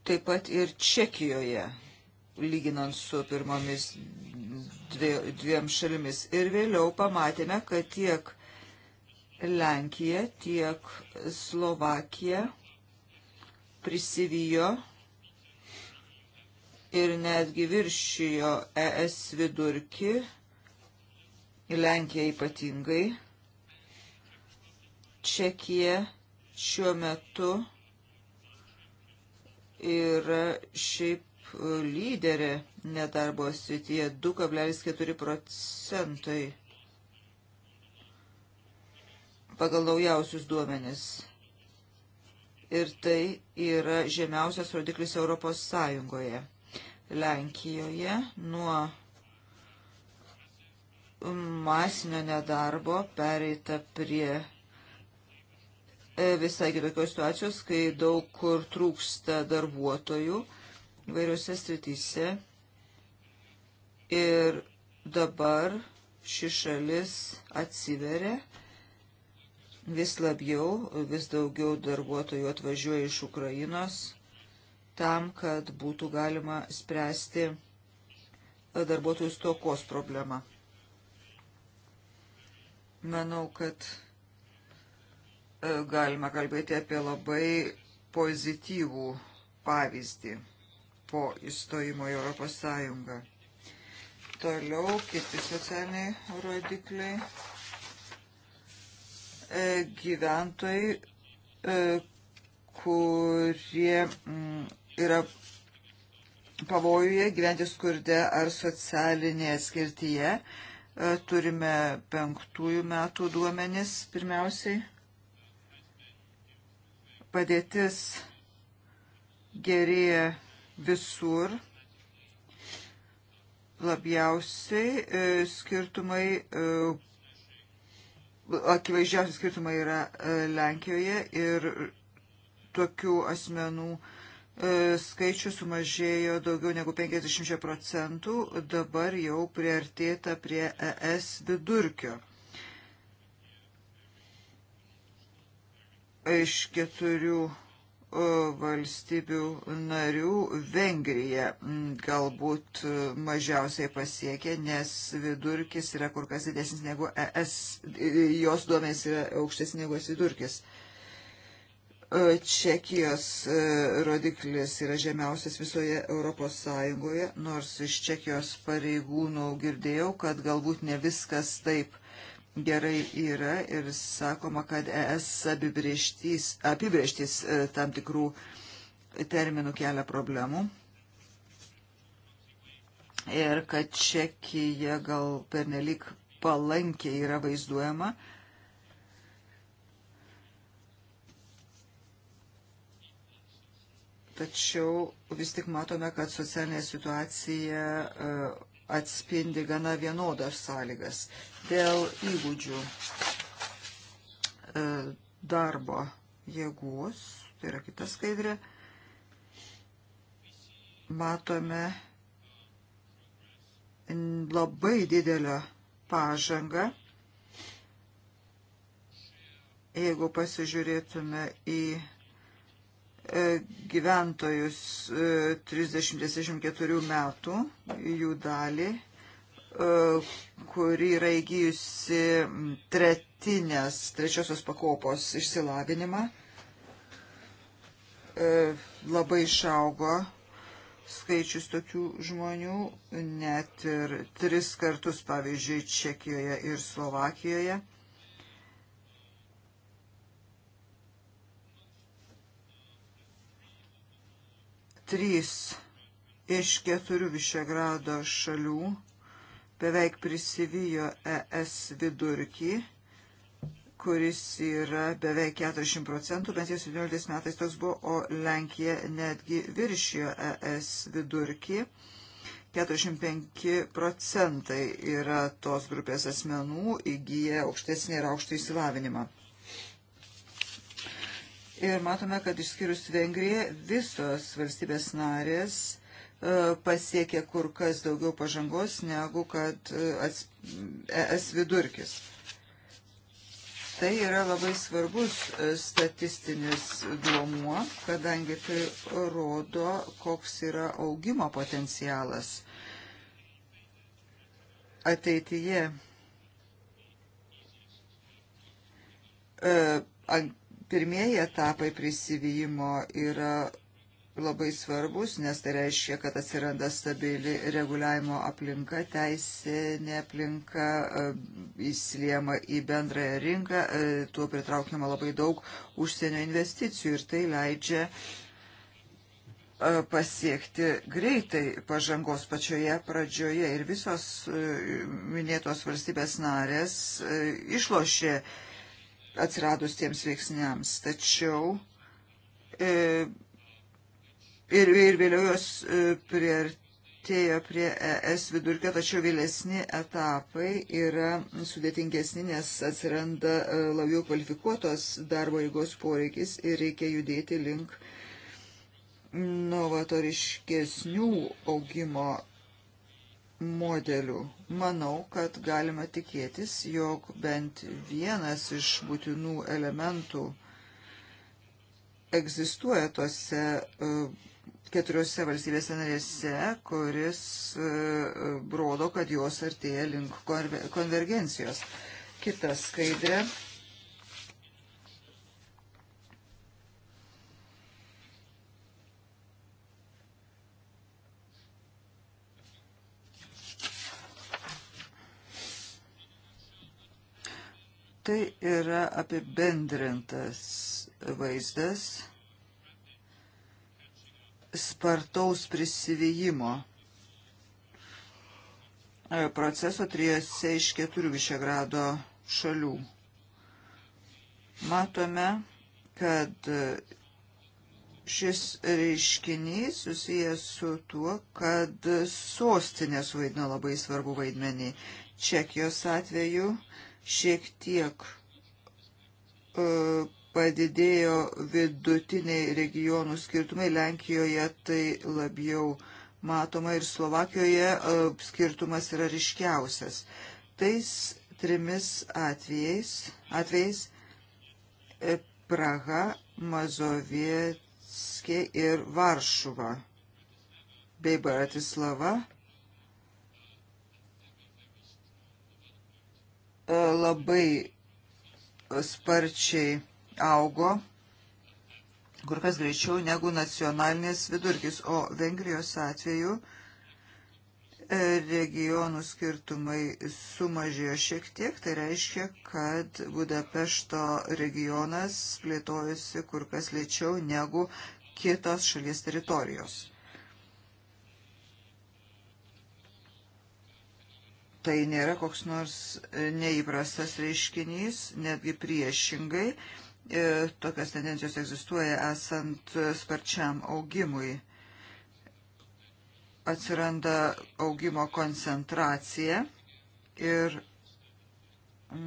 Speaker 2: Taip pat ir Čekijoje, lyginant su pirmomis dviem šalimis. Ir vėliau pamatėme, kad tiek Lenkija, tiek Slovakija prisivijo ir netgi viršijo ES vidurki Lenkija ypatingai. Čekija šiuo metu yra šiaip lyderė nedarbo srityje 2,4 procentai pagal naujausius duomenis. Ir tai yra žemiausias rodiklis Europos Sąjungoje. Lenkijoje nuo masinio nedarbo pereita prie e, visai kitokios situacijos, kai daug kur trūksta darbuotojų įvairiose srityse. Ir dabar ši šalis atsiveria vis labiau, vis daugiau darbuotojų atvažiuoja iš Ukrainos tam, kad būtų galima spręsti darbuotojų stokos problemą. Manau, kad e, galima kalbėti apie labai pozityvų pavyzdį po įstojimo į Europos Sąjungą. Toliau kiti socialiniai rodikliai. E, gyventojai, e, kurie m, mm, yra pavojuje gyventi skurde ar socialinėje skirtyje, e, E, turime penktųjų metų duomenis pirmiausiai. Padėtis gerėja visur. Labiausiai e, skirtumai e, akivaizdžiausi skirtumai yra Lenkijoje ir tokių asmenų E, skaičius sumažėjo daugiau negu 50 procentų, dabar jau priartėta prie ES vidurkio. Iš keturių e, valstybių narių Vengrija galbūt e, mažiausiai pasiekė, nes vidurkis yra kur kas didesnis negu ES, jos duomenys yra aukštesnis negu ES vidurkis. E, Čekijos e, rodiklis yra žemiausias visoje Europos Sąjungoje, nors iš Čekijos pareigūnų girdėjau, kad galbūt ne viskas taip gerai yra ir sakoma, kad ES apibrieštys, apibrieštys e, tam tikrų terminų kelia problemų. Ir kad Čekija gal pernelik palankiai yra vaizduojama. tačiau vis tik matome, kad socialinė situacija e, atspindi gana vienodas sąlygas dėl įgūdžių e, darbo jėgos, tai yra kita skaidrė, matome labai didelę pažangą. Jeigu pasižiūrėtume į E, gyventojus 30-64 e, metų, jų dalį, e, kuri yra įgyjusi tretinės, trečiosios pakopos išsilavinimą, labai išaugo skaičius tokių žmonių, net ir tris kartus, pavyzdžiui, Čekijoje ir Slovakijoje. Trys iš keturių Višegrado šalių beveik prisivijo ES vidurkį kuris yra beveik 40 procentų, bent jau 17 metais toks buvo, o Lenkija netgi viršijo ES vidurkį. 45 procentai yra tos grupės asmenų įgyję aukštesnį ir aukštą įsilavinimą. Ir matome, kad išskyrus Vengriją visos valstybės narės e, pasiekė kur kas daugiau pažangos negu kad es e vidurkis. Tai yra labai svarbus e, statistinis duomuo, kadangi tai rodo, koks yra augimo potencialas ateityje. E, pirmieji etapai prisivyjimo yra labai svarbus, nes tai reiškia, kad atsiranda stabili reguliavimo aplinka, teisinė aplinka e, įsiliema į bendrąją rinką, e, tuo pritraukiama labai daug užsienio investicijų ir tai leidžia e, pasiekti greitai pažangos pačioje pradžioje ir visos minėtos valstybės narės išlošė atsiradus tiems veiksniams. Tačiau e, ir, ir vėliau jos e, priartėjo prie ES vidurkio, tačiau vėlesni etapai yra sudėtingesni, nes atsiranda e, labiau kvalifikuotos darbo jėgos poreikis ir reikia judėti link novatoriškesnių augimo modelių. Manau, kad galima tikėtis, jog bent vienas iš būtinų elementų egzistuoja tose e, keturiose valstybėse narėse, kuris e, rodo, kad jos artėja link konvergencijos. Kita skaidrė Tai yra apibendrintas vaizdas spartaus prisivijimo proceso trijose iš keturių Višegrado šalių. Matome, kad šis reiškinys susijęs su tuo, kad sostinė suvaidino labai svarbu vaidmenį. Čekijos atveju šiek tiek e, padidėjo vidutiniai regionų skirtumai. Lenkijoje tai labiau matoma ir Slovakijoje e, skirtumas yra ryškiausias. Tais trimis atvejais, atvejais e, Praha, Mazovietskė ir Varšuva bei Bratislava E, labai sparčiai augo, kur kas greičiau negu nacionalinės vidurkis, o Vengrijos atveju e, regionų skirtumai sumažėjo šiek tiek, tai reiškia, kad Budapešto regionas plėtojosi kur kas lėčiau negu kitos šalies teritorijos. tai nėra koks nors e, neįprastas reiškinys, netgi priešingai. E, tokios tendencijos egzistuoja esant sparčiam augimui. Atsiranda augimo koncentracija ir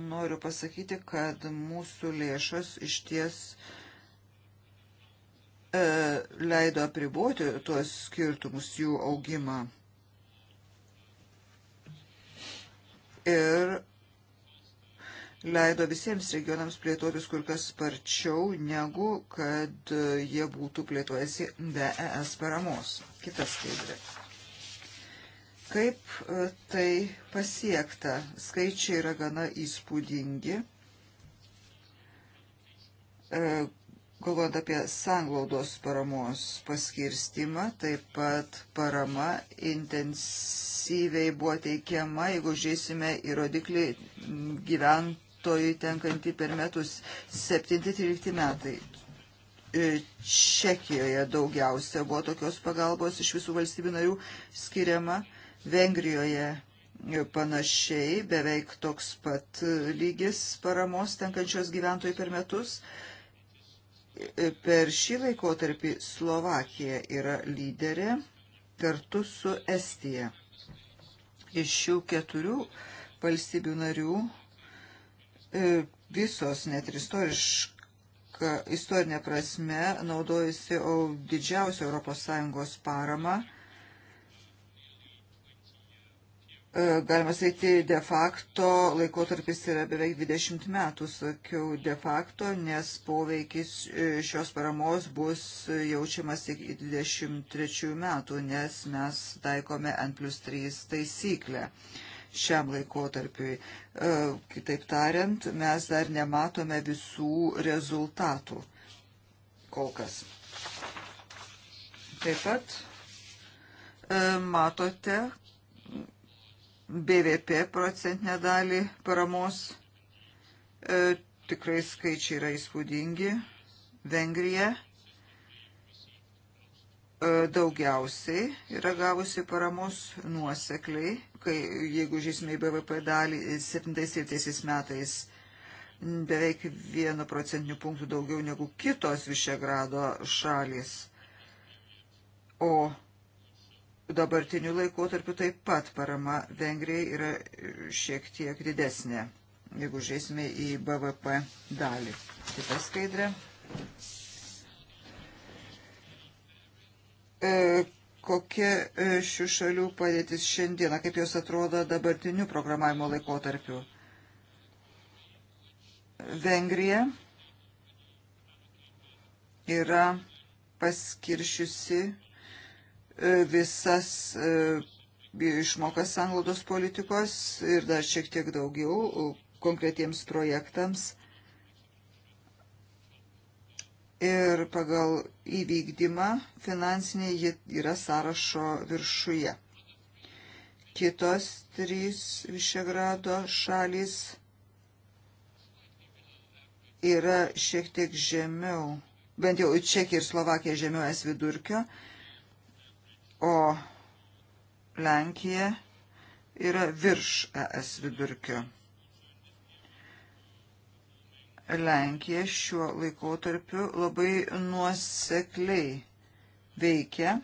Speaker 2: noriu pasakyti, kad mūsų lėšas iš ties e, leido apriboti tuos skirtumus jų augimą. ir leido visiems regionams plėtotis kur kas sparčiau, negu kad jie būtų plėtojasi be ES paramos. Kitas skaidrė. Kaip e, tai pasiekta? Skaičiai yra gana įspūdingi. E, galvojant apie sanglaudos paramos paskirstimą, taip pat parama intensyviai buvo teikiama, jeigu žiūrėsime į rodiklį gyventojų tenkantį per metus 7-13 metai. E, Čekijoje daugiausia buvo tokios pagalbos iš visų valstybių narių skiriama, Vengrijoje e, panašiai beveik toks pat lygis paramos tenkančios gyventojų per metus. Per šį laikotarpį Slovakija yra lyderė kartu su Estija. Iš šių keturių valstybių narių e, visos net ir istorinė prasme naudojasi didžiausią ES paramą E, galima sakyti, de facto laikotarpis yra beveik 20 metų, sakiau, de facto, nes poveikis e, šios paramos bus jaučiamas iki 23 metų, nes mes taikome N plus 3 taisyklę šiam laikotarpiui. E, kitaip tariant, mes dar nematome visų rezultatų kol kas. Taip pat matote, BVP procentinę dalį paramos. E, tikrai skaičiai yra įspūdingi. Vengrija e, daugiausiai yra gavusi paramos nuosekliai, kai, jeigu žiūrėsime į BVP dalį 77 metais beveik vienu procentiniu punktu daugiau negu kitos Višegrado šalis. O dabartiniu laikotarpiu taip pat parama Vengrijai yra šiek tiek didesnė, jeigu žiūrėsime į BVP dalį. Kita skaidrė. E, kokia e, šių šalių padėtis šiandieną, kaip jos atrodo dabartiniu programavimo laikotarpiu? Vengrija yra paskiršiusi E, visas e, išmokas sanglaudos politikos ir dar šiek tiek daugiau e, konkretiems projektams. Ir pagal įvykdymą finansinė ji yra sąrašo viršuje. Kitos trys Višegrado šalis yra šiek tiek žemiau, bent jau Čekija ir Slovakija žemiau es vidurkio o Lenkija yra virš ES vidurkio. Lenkija šiuo laikotarpiu labai nuosekliai veikia,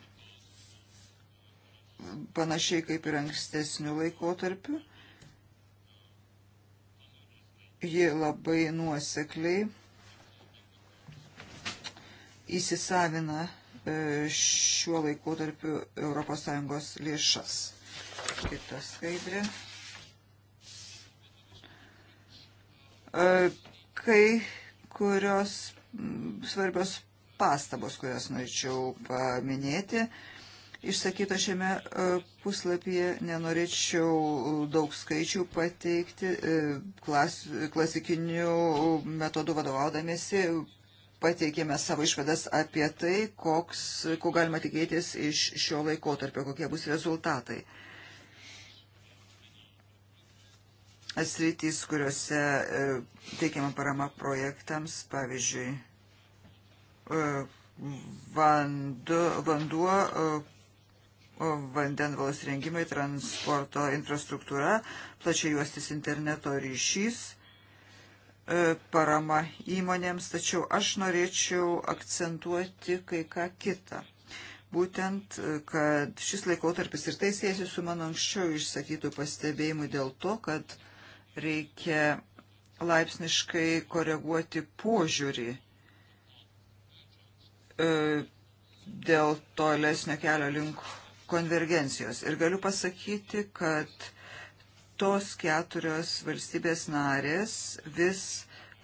Speaker 2: panašiai kaip ir ankstesnių laikotarpių. Ji labai nuosekliai įsisavina E, šiuo laikotarpiu ES lėšas. Kita skaidrė. E, kai kurios svarbios pastabos, kurias norėčiau paminėti, išsakyta šiame e, puslapyje, nenorėčiau daug skaičių pateikti, klas, klasikinių metodų vadovaudamėsi pateikėme savo išvadas apie tai, koks, ko galima tikėtis iš šio laikotarpio, kokie bus rezultatai. Sritys, kuriuose e, teikiama parama projektams, pavyzdžiui, e, vandu, vanduo, e, vandenvalos rengimai, transporto infrastruktūra, plačiai juostis interneto ryšys E, parama įmonėms, tačiau aš norėčiau akcentuoti kai ką kitą. Būtent, e, kad šis laikotarpis ir tai siejasi su mano anksčiau išsakytų pastebėjimu dėl to, kad reikia laipsniškai koreguoti požiūrį e, dėl tolesnio kelio link konvergencijos. Ir galiu pasakyti, kad tos keturios valstybės narės vis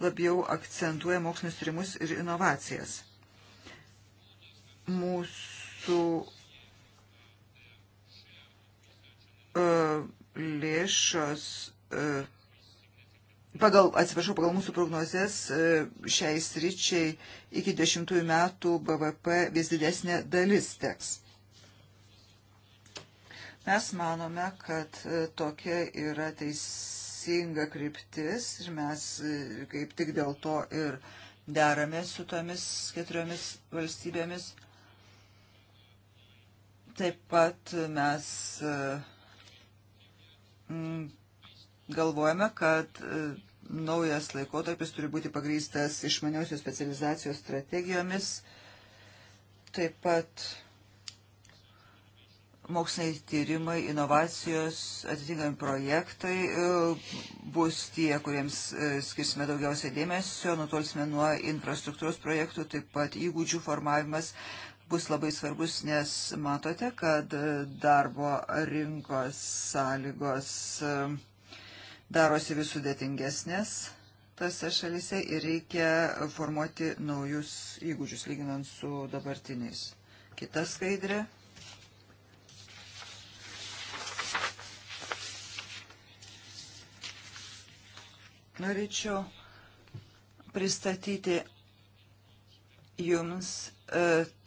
Speaker 2: labiau akcentuoja mokslinius tyrimus ir inovacijas. Mūsų uh, lėšos, uh, pagal, atsiprašau, pagal mūsų prognozes, uh, šiai sričiai iki dešimtųjų metų BVP vis didesnė dalis teks. Mes manome, kad e, tokia yra teisinga kryptis ir mes e, kaip tik dėl to ir deramės su tomis keturiomis valstybėmis. Taip pat mes e, galvojame, kad naujas laikotarpis turi būti pagrystas išmaniausios specializacijos strategijomis. Taip pat moksliniai tyrimai, inovacijos, atitinkami projektai e, bus tie, kuriems e, skirsime daugiausiai dėmesio, nutolsime nuo infrastruktūros projektų, taip pat įgūdžių formavimas bus labai svarbus, nes matote, kad e, darbo rinkos sąlygos darosi vis sudėtingesnės tose šalise ir reikia formuoti naujus įgūdžius, lyginant su dabartiniais. Kita skaidrė. Norėčiau pristatyti jums e,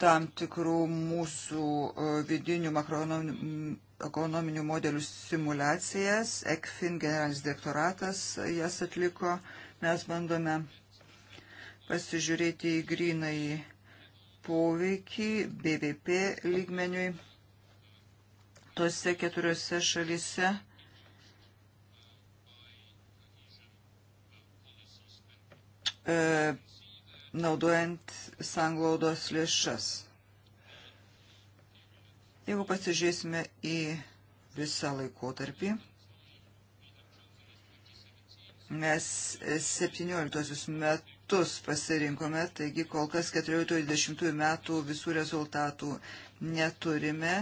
Speaker 2: tam tikrų mūsų e, vidinių makroekonominių modelių simulacijas. ECFIN generalinis direktoratas jas atliko. Mes bandome pasižiūrėti į grinai poveikį BVP lygmeniui tose keturiose šalyse e, naudojant sanglaudos lėšas. Jeigu pasižiūrėsime į visą laikotarpį, mes 17 metus pasirinkome, taigi kol kas 14-20 metų visų rezultatų neturime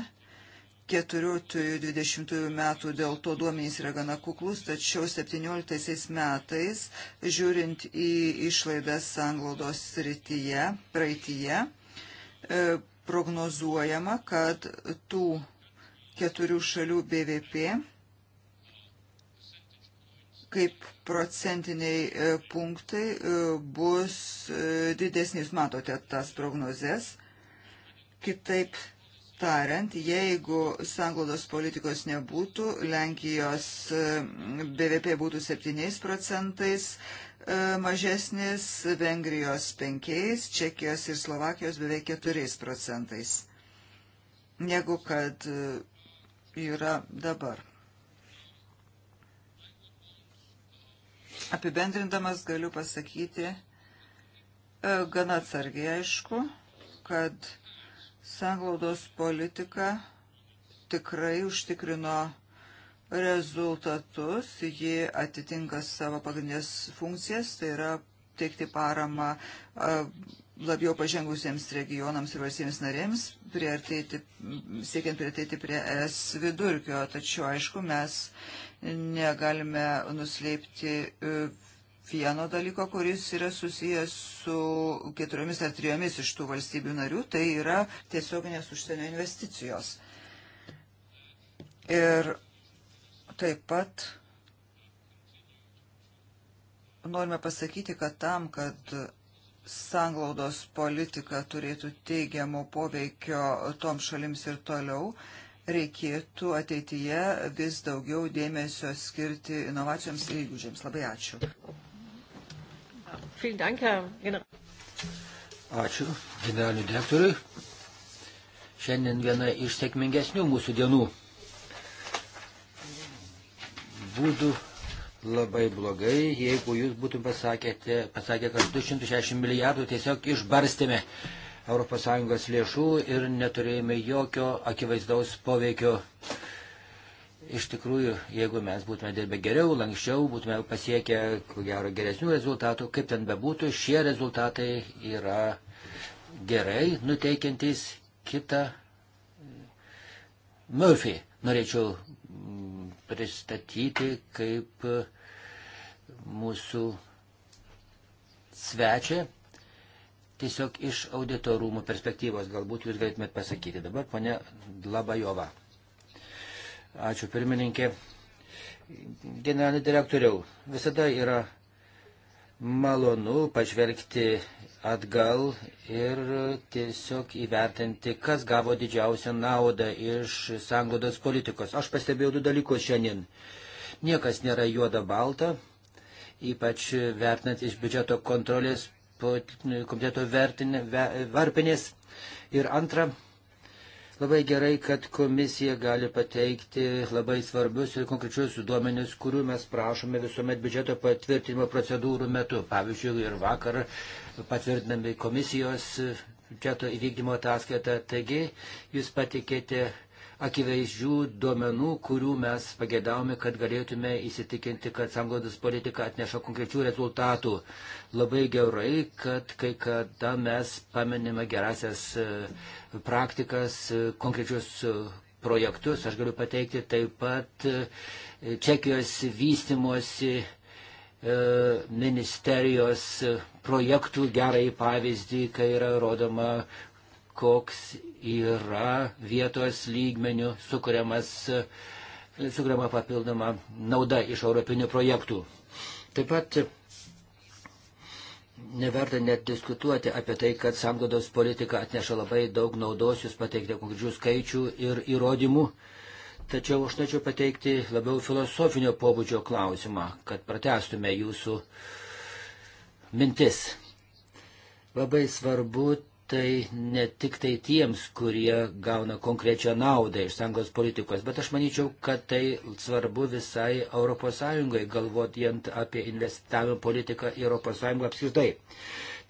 Speaker 2: 14-20 metų dėl to duomenys yra gana kuklus, tačiau 17 metais, žiūrint į išlaidas sanglaudos srityje, praeityje, e, prognozuojama, kad tų keturių šalių BVP kaip procentiniai e, punktai e, bus didesnis, matote tas prognozes. Kitaip tariant, jeigu sanglaudos politikos nebūtų, Lenkijos e, BVP būtų 7 procentais e, mažesnis, Vengrijos 5, Čekijos ir Slovakijos beveik 4 procentais, negu kad e, yra dabar. Apibendrindamas galiu pasakyti, gana atsargiai aišku, kad sanglaudos politika tikrai užtikrino rezultatus, ji atitinka savo pagrindinės funkcijas, tai yra teikti paramą labiau pažengusiems regionams ir valstybėms narėms, priartėti, siekiant priartėti prie es vidurkio. Tačiau, aišku, mes negalime nusleipti e, vieno dalyko, kuris yra susijęs su keturiomis ar trijomis iš tų valstybių narių, tai yra tiesioginės užsienio investicijos. Ir taip pat norime pasakyti, kad tam, kad sanglaudos politika turėtų teigiamo poveikio tom šalims ir toliau, reikėtų ateityje vis daugiau dėmesio
Speaker 1: skirti inovacijoms ir
Speaker 2: įgūdžiams. Labai ačiū.
Speaker 3: Ačiū
Speaker 1: generaliniu direktoriui. Šiandien viena iš sėkmingesnių mūsų dienų. Būtų labai blogai, jeigu jūs būtum pasakėte, pasakė, kad 260 milijardų tiesiog išbarstėme ES lėšų ir neturėjome jokio akivaizdaus poveikio Iš tikrųjų, jeigu mes būtume dirbę geriau, lankščiau, būtume pasiekę, ko gero, geresnių rezultatų, kaip ten bebūtų, šie rezultatai yra gerai nuteikiantys kitą Murphy. Norėčiau mm, pristatyti kaip mūsų svečią, tiesiog iš auditorumų perspektyvos, galbūt jūs galėtumėt pasakyti. Dabar ponia Labajova. Ačiū pirmininkė. Generalinį direktoriau, visada yra malonu pažvelgti atgal ir tiesiog įvertinti, kas gavo didžiausią naudą iš sanglodos politikos. Aš pastebėjau du dalykus šiandien. Niekas nėra juoda balta, ypač vertinant iš biudžeto kontrolės komiteto vertinė, varpinės. Ir antra, Labai gerai, kad komisija gali pateikti labai svarbius ir konkrečius duomenis, kurių mes prašome visuomet biudžeto patvirtinimo procedūrų metu. Pavyzdžiui, ir vakar patvirtinami komisijos biudžeto įvykdymo ataskaitą. Taigi, jūs patikėte akivaizdžių duomenų, kurių mes pagėdavome, kad galėtume įsitikinti, kad sanglaudos politika atneša konkrečių rezultatų. Labai gerai, kad kai kada mes paminime gerasias e, praktikas, e, konkrečius e, projektus. Aš galiu pateikti taip pat Čekijos vystimosi ministerijos projektų gerai pavyzdį, kai yra rodoma koks yra vietos lygmenių sukuriamas, sukuriama papildoma nauda iš europinių projektų. Taip pat neverta net diskutuoti apie tai, kad samdodos politika atneša labai daug naudos, jūs pateikite konkrečių skaičių ir įrodymų. Tačiau aš norėčiau pateikti labiau filosofinio pobūdžio klausimą, kad pratestume jūsų mintis. Labai svarbu tai ne tik tai tiems, kurie gauna konkrečią naudą iš sąjungos politikos, bet aš manyčiau, kad tai svarbu visai ES, galvojant apie investavimo politiką į ES apskritai.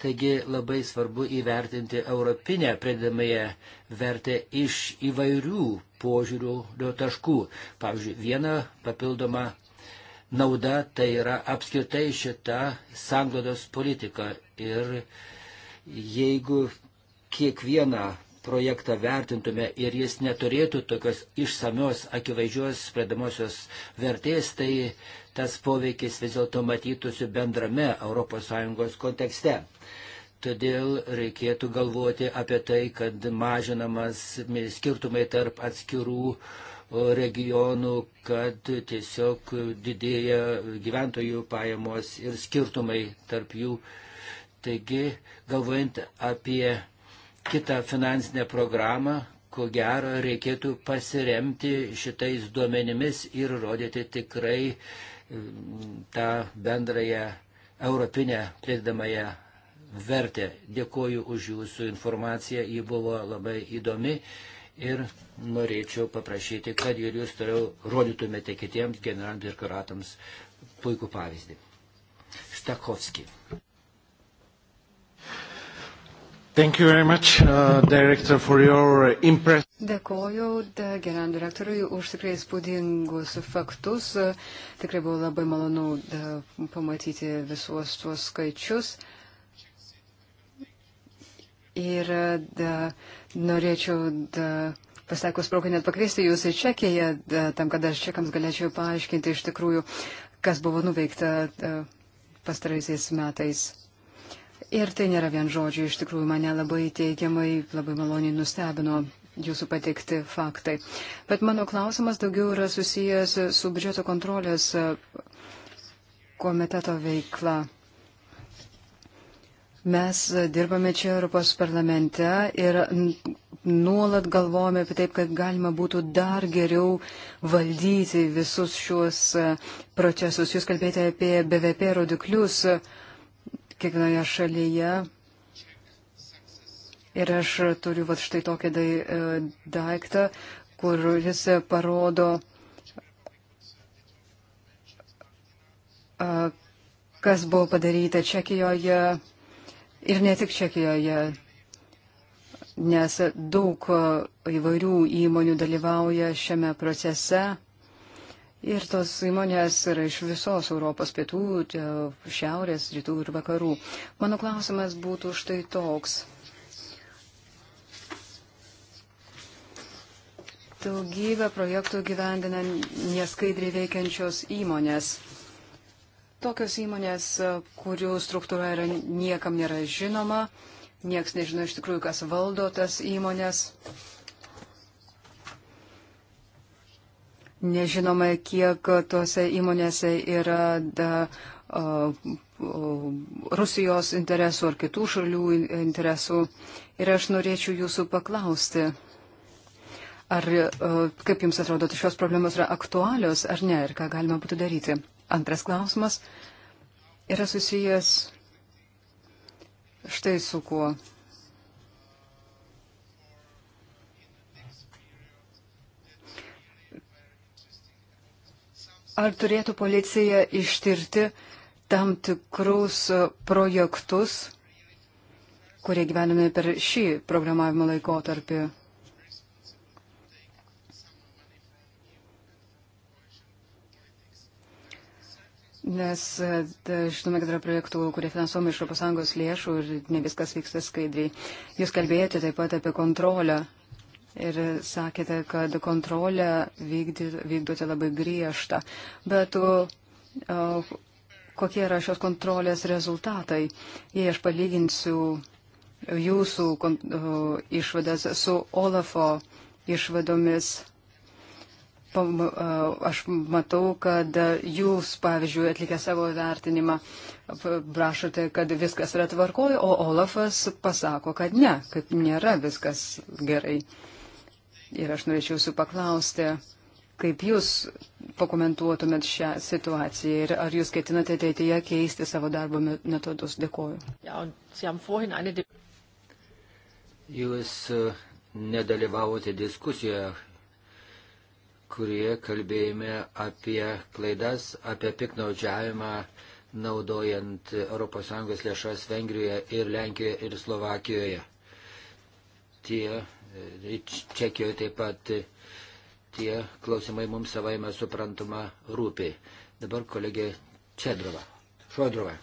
Speaker 1: Taigi labai svarbu įvertinti europinę pridamąją vertę iš įvairių požiūrių taškų. Pavyzdžiui, viena papildoma nauda tai yra apskritai šita sanglodos politika. Ir jeigu kiekvieną projektą vertintume ir jis neturėtų tokios išsamios, akivaizdžios spredamosios vertės, tai tas poveikis vis dėlto matytųsi bendrame ES kontekste. Todėl reikėtų galvoti apie tai, kad mažinamas skirtumai tarp atskirų regionų, kad tiesiog didėja gyventojų pajamos ir skirtumai tarp jų. Taigi, galvojant apie kitą finansinę programą, ko gero reikėtų pasiremti šitais duomenimis ir rodyti tikrai mm, tą bendrąją europinę pridedamąją vertę. Dėkoju už jūsų informaciją, ji buvo labai įdomi ir norėčiau paprašyti, kad ir jūs toliau rodytumėte kitiems generaliniams direktoratams puikų pavyzdį. Štakovski. Much, uh, director, uh,
Speaker 3: Dėkoju generaliniam direktoriui už tikrai spūdingus faktus. Tikrai buvo labai malonu da, pamatyti visuos tuos skaičius. Ir da, norėčiau da, pasakus progą net pakviesti jūs į Čekiją, da, tam, kad aš čekams galėčiau paaiškinti iš tikrųjų, kas buvo nuveikta da, pastaraisiais metais. Ir tai nėra vien žodžiai, iš tikrųjų mane labai teigiamai, labai maloniai nustebino jūsų pateikti faktai. Bet mano klausimas daugiau yra susijęs su biudžeto kontrolės e, komiteto veikla. Mes dirbame čia Europos parlamente ir nuolat galvojame apie taip, kad galima būtų dar geriau valdyti visus šiuos e, procesus. Jūs kalbėjote apie BVP rodiklius. Uh, kiekvienoje šalyje. Ir aš turiu va štai tokį e, daiktą, kuris parodo, kas buvo padaryta Čekijoje ir ne tik Čekijoje, nes daug įvairių įmonių dalyvauja šiame procese. Ir tos įmonės yra iš visos Europos pietų, šiaurės, rytų ir vakarų. Mano klausimas būtų štai toks. Daugybę projektų gyvendina neskaidriai veikiančios įmonės. Tokios įmonės, kurių struktūra yra niekam nėra žinoma, nieks nežino iš tikrųjų, kas valdo tas įmonės. Nežinome, kiek tuose įmonėse yra da, o, o, Rusijos interesų ar kitų šalių interesų. Ir aš norėčiau jūsų paklausti, ar o, kaip jums atrodo, tai šios problemos yra aktualios ar ne ir ką galima būtų daryti. Antras klausimas yra susijęs štai su kuo. Ar turėtų policija ištirti tam tikrus projektus, kurie gyvenami per šį programavimo laikotarpį? Nes e, žinome, kad yra projektų, kurie finansuomi iš ES lėšų ir ne viskas vyksta skaidriai. Jūs kalbėjote taip pat apie kontrolę Ir sakėte, kad kontrolę vykdote labai griežtą. Bet uh, kokie yra šios kontrolės rezultatai? Jei aš palyginsiu jūsų uh, išvadas su Olafo išvadomis, pam, uh, aš matau, kad jūs, pavyzdžiui, atlikę savo vertinimą, prašote, kad viskas yra tvarkoje, o Olafas pasako, kad ne, kaip nėra viskas gerai. Uh, Ir aš norėčiau jūsų paklausti, kaip jūs pakomentuotumėt šią situaciją ir ar jūs ketinate ateityje keisti savo darbo metodus. Dėkoju.
Speaker 1: Jūs e, nedalyvavote diskusijoje, kurioje kalbėjome apie klaidas, apie piknaudžiavimą naudojant ES lėšas Vengrijoje ir Lenkijoje ir Slovakijoje. Tie Čekijoje taip pat e, tie klausimai mums savaime suprantama rūpi. Dabar kolegė Čedrova. Šodrova.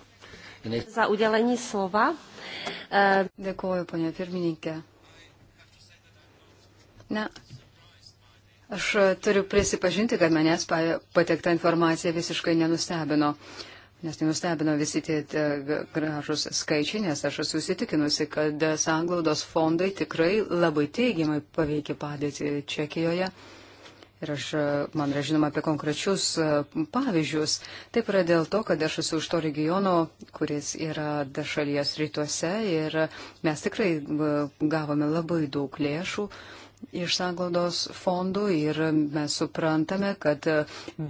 Speaker 1: Jis...
Speaker 3: Za udėlenį slovą. E, Dėkuoju, ponia pirmininkė. Na, aš turiu prisipažinti, kad manęs patekta informacija visiškai nenustebino. Uh, Nes nenustebino tai visi tie gražus skaičiai, nes aš esu įsitikinusi, kad sanglaudos fondai tikrai labai teigiamai paveikė padėtį Čekijoje. Ir aš, man yra žinoma apie konkrečius e, pavyzdžius. Taip yra dėl to, kad aš esu už to regiono, kuris yra šalies rytuose ir mes tikrai e, gavome labai daug lėšų iš sanglaudos fondų ir mes suprantame, kad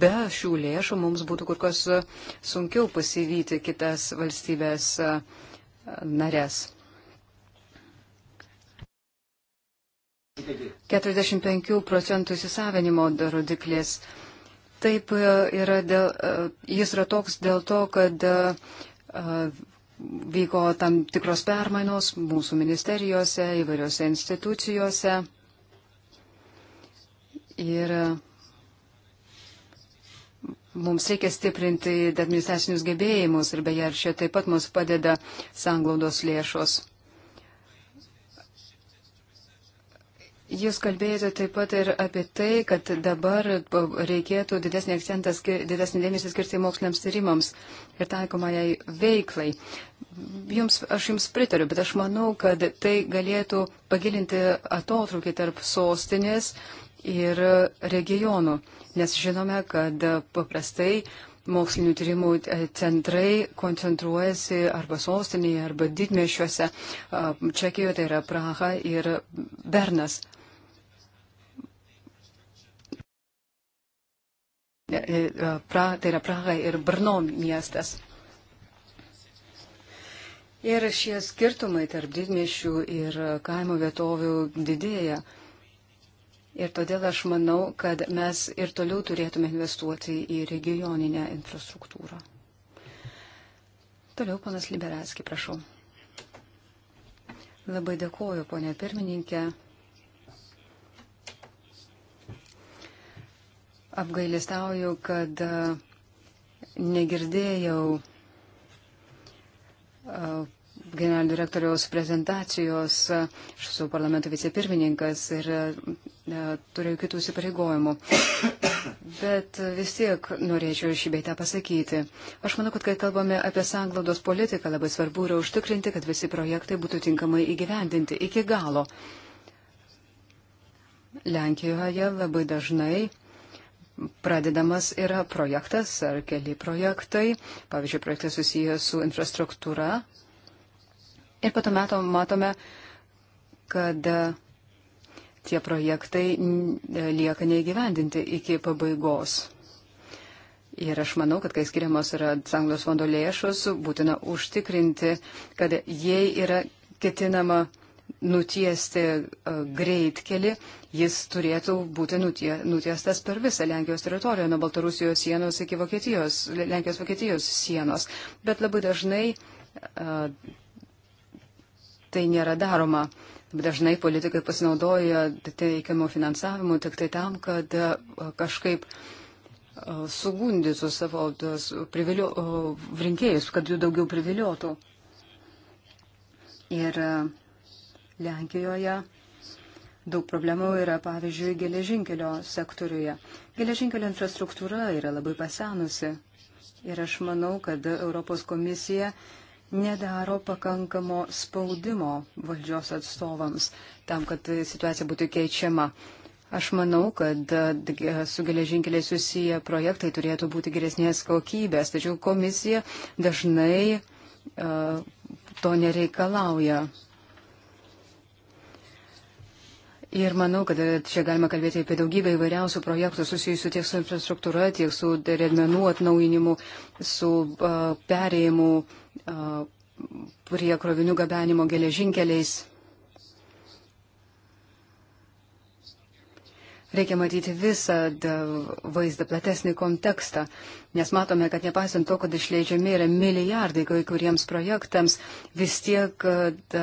Speaker 3: be šių lėšų mums būtų kur kas sunkiau pasivyti kitas valstybės e, narės. 45 procentų įsisavinimo rodiklis. Taip e, yra dėl, e, jis yra toks dėl to, kad vyko tam tikros permainos mūsų ministerijose, įvairiose institucijose. Ir e, mums reikia stiprinti administracinius gebėjimus ir beje, ar čia taip pat mums padeda sanglaudos lėšos. Jūs kalbėjote taip pat ir apie tai, kad dabar reikėtų didesnį akcentą, didesnį dėmesį skirti moksliniams tyrimams ir taikomajai veiklai. Jums, aš jums pritariu, bet aš manau, kad tai galėtų pagilinti atotrukį tarp sostinės ir regionų, nes žinome, kad paprastai mokslinių tyrimų centrai koncentruojasi arba sostinėje, arba didmešiuose. Čekijoje tai yra Praha ir Bernas. E, e, pra, tai yra Praha ir Brno miestas. Ir šie skirtumai tarp didmešių ir kaimo vietovių didėja. Ir todėl aš manau, kad mes ir toliau turėtume investuoti į regioninę infrastruktūrą. Toliau panas Liberatski, prašau. Labai dėkoju, ponė pirmininkė. apgailistauju, kad e, negirdėjau e, generalinio direktoriaus prezentacijos. Aš e, esu parlamento vicepirmininkas ir turėjau kitų įsipareigojimų. Bet vis tiek norėčiau šį beitą pasakyti. Aš manau, kad kai kalbame apie sanglaudos politiką, labai svarbu yra užtikrinti, kad visi projektai būtų tinkamai įgyvendinti iki galo. Lenkijoje labai dažnai pradedamas yra projektas ar keli projektai, pavyzdžiui, projektas susijęs su infrastruktūra. Ir pato metu matome, kad tie projektai e, lieka neįgyvendinti iki pabaigos. Ir aš manau, kad kai skiriamos yra sanglos fondo lėšos, būtina užtikrinti, kad jei yra ketinama nutiesti e, greitkelį, jis turėtų būti nutie, nutiestas per visą Lenkijos teritoriją, nuo Baltarusijos sienos iki Vokietijos, Lenkijos-Vokietijos sienos. Bet labai dažnai a, e, tai nėra daroma. Dažnai politikai pasinaudoja teikiamo finansavimu tik tai tam, kad a, e, kažkaip a, sugundytų savo privilio, rinkėjus, kad jų daugiau priviliotų. Ir uh, Lenkijoje daug problemų yra, pavyzdžiui, geležinkelio sektoriuje. Geležinkelio infrastruktūra yra labai pasenusi. Ir aš manau, kad Europos komisija nedaro pakankamo spaudimo valdžios atstovams tam, kad situacija būtų keičiama. Aš manau, kad su geležinkeliai susiję projektai turėtų būti geresnės kokybės, tačiau komisija dažnai uh, to nereikalauja. Ir manau, kad e, čia galima kalbėti apie daugybę įvairiausių projektų susijusių tiek su infrastruktūra, tiek su redmenų atnaujinimu, su uh, perėjimu uh, prie krovinių gabenimo geležinkeliais. Reikia matyti visą vaizdą, platesnį kontekstą, nes matome, kad nepaisant to, kad išleidžiami yra milijardai kai kuriems projektams, vis tiek kad,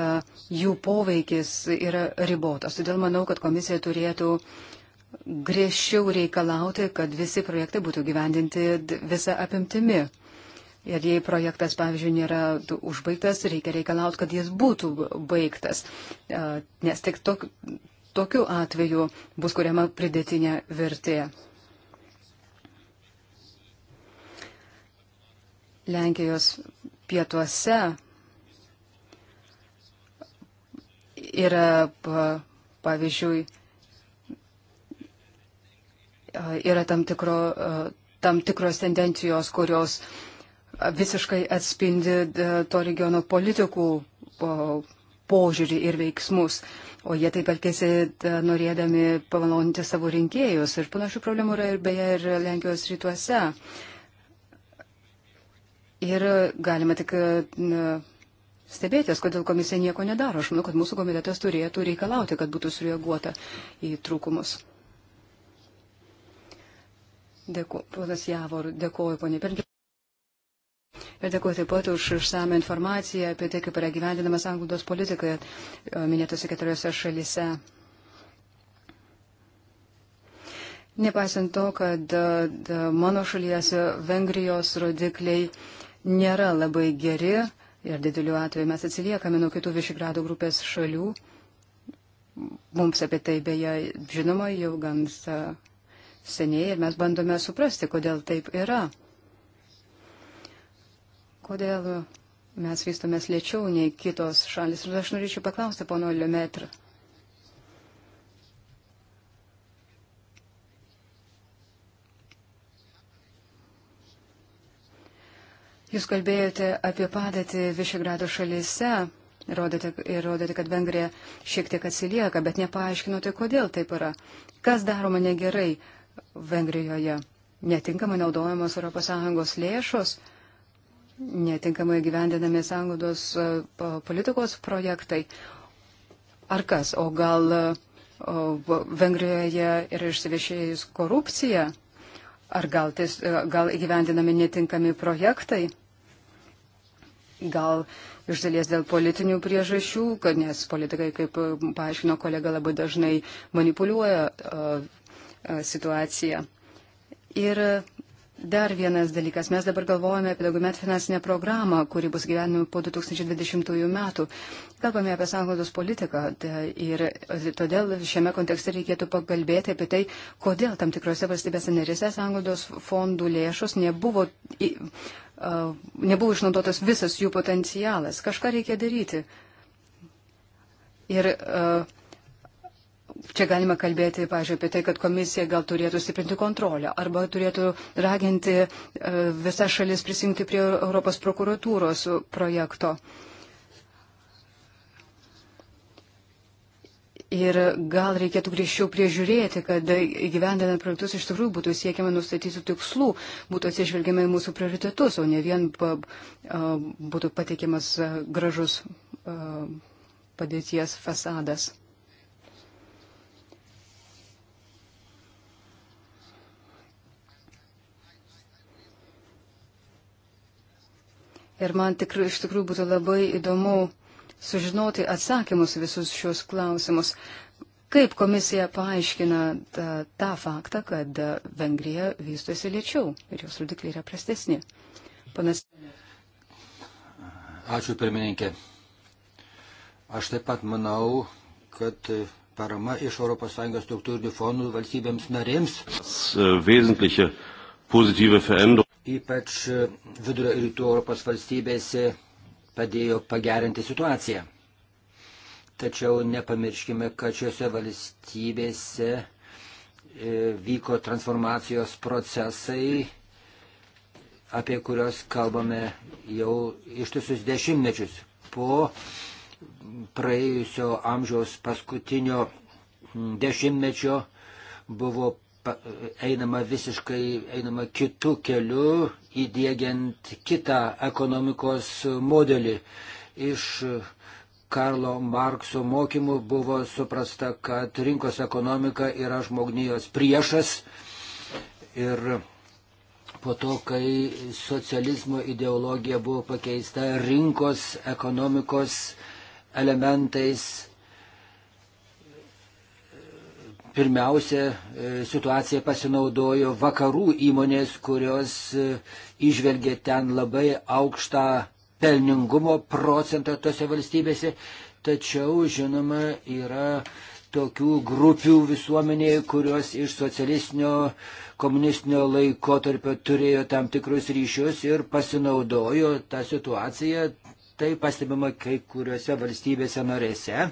Speaker 3: jų poveikis yra ribotas. Todėl manau, kad komisija turėtų griežčiau reikalauti, kad visi projektai būtų gyvendinti visą apimtimi. Ir jei projektas, pavyzdžiui, nėra užbaigtas, reikia reikalauti, kad jis būtų baigtas, nes tik tok, tokiu atveju bus kuriama pridėtinė vertė. Lenkijos pietuose yra, pavyzdžiui, yra tam, tikro, tam tikros tendencijos, kurios visiškai atspindi e, to regiono politikų požiūrį ir veiksmus. O jie taip elgėsi e, norėdami pamaloninti savo rinkėjus. Ir panašių problemų yra ir beje ir Lenkijos rytuose. Ir galima tik e, stebėtis, kodėl komisija nieko nedaro. Aš manau, kad mūsų komitetas turėtų reikalauti, kad būtų sureaguota į trūkumus. Dėkuoju, ponas Javor, dėkuoju, ponė Pirkė ir dėkuoju taip pat už išsame informaciją apie tai, kaip yra gyvendinama sanglaudos politika e, minėtose keturiose šalise. Nepaisant to, kad e, mano šalies Vengrijos rodikliai nėra labai geri ir dideliu atveju mes atsiliekame nuo kitų Višigrado grupės šalių. Mums apie tai beje žinoma jau gan seniai ir mes bandome suprasti, kodėl taip yra kodėl mes vystomės lėčiau nei kitos šalis. Ir aš norėčiau paklausti pono Liometrą. Jūs kalbėjote apie padėtį Višegrado šalyse rodėte, ir rodėte, kad Vengrija šiek tiek atsilieka, bet nepaaiškinote, kodėl taip yra. Kas daroma negerai Vengrijoje? Netinkamai naudojamos ES lėšos? netinkamai gyvendinami sąnaudos e, politikos projektai. Ar kas? O gal e, o, Vengrijoje yra išsivešėjus korupcija? Ar gal, ties, e, gal įgyvendinami netinkami projektai? Gal iš dalies dėl politinių priežasčių, kad nes politikai, kaip paaiškino kolega, labai dažnai manipuliuoja a, a, situaciją. Ir Dar vienas dalykas. Mes dabar galvojame apie daugiamet finansinę programą, kuri bus gyvenima po 2020 metų. Kalbame apie sąnaudos politiką tai ir todėl šiame kontekste reikėtų pakalbėti apie tai, kodėl tam tikrose valstybėse narėse sąnaudos fondų lėšos nebuvo, nebuvo išnaudotas visas jų potencialas. Kažką reikia daryti. Ir uh, Čia galima kalbėti, pažiūrėjau, apie tai, kad komisija gal turėtų stiprinti kontrolę arba turėtų raginti e, visas šalis prisijungti prie Europos prokuratūros projekto. Ir gal reikėtų grįžčiau priežiūrėti, kad įgyvendinant projektus iš tikrųjų būtų siekiama nustatytų tikslų, būtų atsižvelgiama į mūsų prioritetus, o ne vien būtų pateikiamas gražus padėties fasadas. Ir man tikrai iš tikrųjų būtų labai įdomu sužinoti atsakymus visus šios klausimus. Kaip komisija paaiškina tą, tą faktą, kad Vengrija vystosi lėčiau ir jos rodikliai yra prastesni? Panas.
Speaker 1: Ačiū pirmininkė. Aš taip pat manau, kad parama iš ES struktūrinių fondų valstybėms narėms.
Speaker 3: Äh,
Speaker 1: ypač vidurio ir rytų Europos valstybėse padėjo pagerinti situaciją. Tačiau nepamirškime, kad šiuose valstybėse e, vyko transformacijos procesai, apie kurios kalbame jau ištisus dešimtmečius. Po praėjusio amžiaus paskutinio dešimtmečio buvo einama visiškai, einama kitų kelių, įdėgiant kitą ekonomikos modelį. Iš Karlo Markso mokymų buvo suprasta, kad rinkos ekonomika yra žmognijos priešas ir po to, kai socializmo ideologija buvo pakeista rinkos ekonomikos elementais, pirmiausia e, situacija pasinaudojo vakarų įmonės, kurios e, išvelgė ten labai aukštą pelningumo procentą tose valstybėse, tačiau, žinoma, yra tokių grupių visuomenėje, kurios iš socialistinio komunistinio laikotarpio turėjo tam tikrus ryšius ir pasinaudojo tą situaciją. Tai pastebima kai kuriuose valstybėse norėse.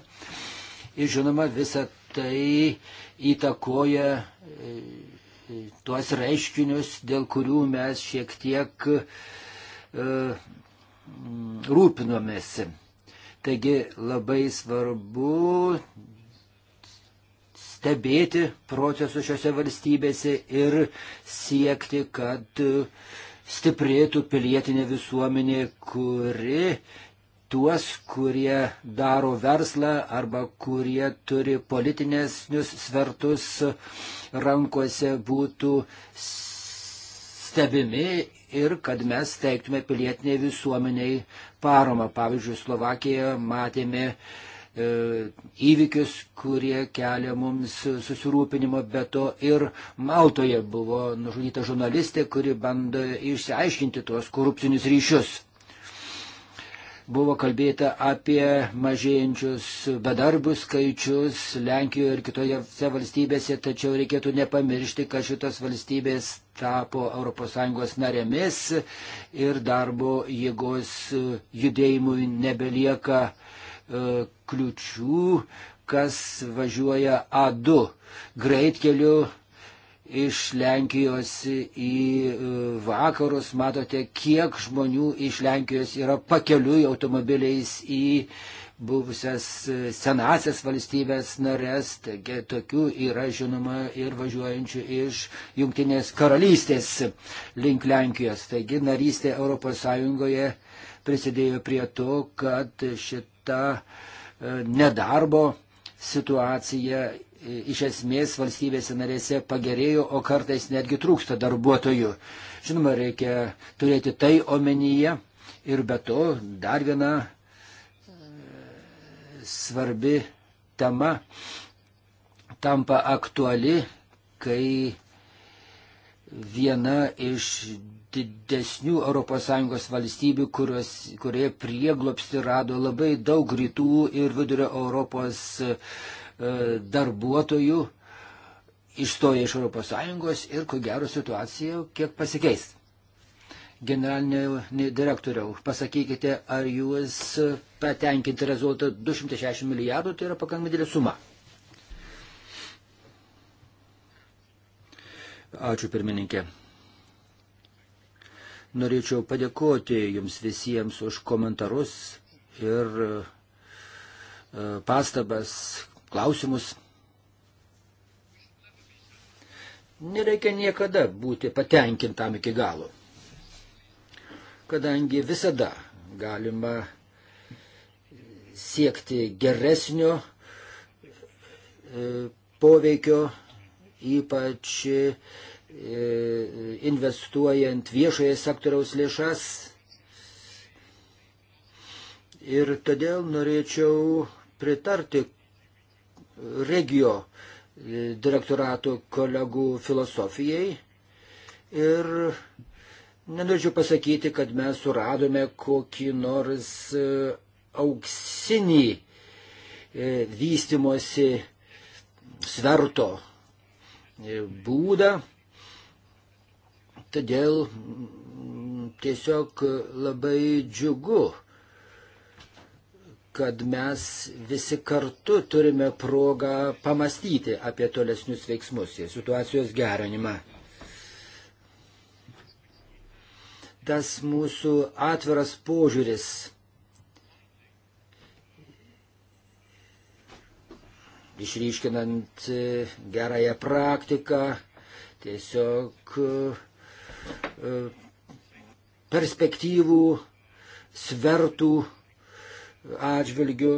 Speaker 1: Ir žinoma, visa tai įtakoja e, e, tuos reiškinius, dėl kurių mes šiek tiek e, rūpinomės. Taigi labai svarbu stebėti procesus šiuose valstybėse ir siekti, kad stiprėtų pilietinė visuomenė, kuri tuos, kurie daro verslą arba kurie turi politinės svertus rankose būtų stebimi ir kad mes teiktume pilietiniai visuomeniai paromą. Pavyzdžiui, Slovakijoje matėme e, įvykius, kurie kelia mums susirūpinimo, bet to ir Maltoje buvo nužudyta žurnalistė, kuri bando išsiaiškinti tuos korupcinius ryšius. Buvo kalbėta apie mažėjančius bedarbių skaičius Lenkijoje ir kitoje valstybėse, tačiau reikėtų nepamiršti, kad šitas valstybės tapo ES narėmis ir darbo jėgos judėjimui nebelieka e, kliučių, kas važiuoja A2 greitkeliu iš Lenkijos į e, vakarus, matote, kiek žmonių iš Lenkijos yra pakeliui automobiliais į buvusias e, senasias valstybės narės, taigi tokių yra žinoma ir važiuojančių iš Junktinės karalystės link Lenkijos. Taigi narystė ES prisidėjo prie to, kad šita e, nedarbo situacija E, iš esmės valstybėse narėse pagerėjo, o kartais netgi trūksta darbuotojų. Žinoma, reikia turėti tai omenyje ir be to dar viena e, svarbi tema tampa aktuali, kai viena iš didesnių ES valstybių, kurios, kurie prieglopsti rado labai daug rytų ir vidurio Europos uh, E, darbuotojų išstoja iš ES ir ko gero situacija kiek pasikeis. Generalinio direktoriau, pasakykite, ar jūs patenkinti rezultatą 260 milijardų, tai yra pakankamai didelė suma. Ačiū pirmininkė. Norėčiau padėkoti jums visiems už komentarus ir e, pastabas, klausimus. Nereikia niekada būti patenkintam iki galo, kadangi visada galima siekti geresnio e, poveikio, ypač e, investuojant viešoje sektoriaus lėšas. Ir todėl norėčiau pritarti regio direktorato kolegų filosofijai. Ir nenorėčiau pasakyti, kad mes suradome kokį nors e, auksinį e, vystimosi sverto e, būdą. Todėl tiesiog labai džiugu, kad mes visi kartu turime progą pamastyti apie tolesnius veiksmus ir situacijos gerinimą. Tas mūsų atviras požiūris išryškinant e, gerąją praktiką, tiesiog e, e, perspektyvų, svertų atžvilgių.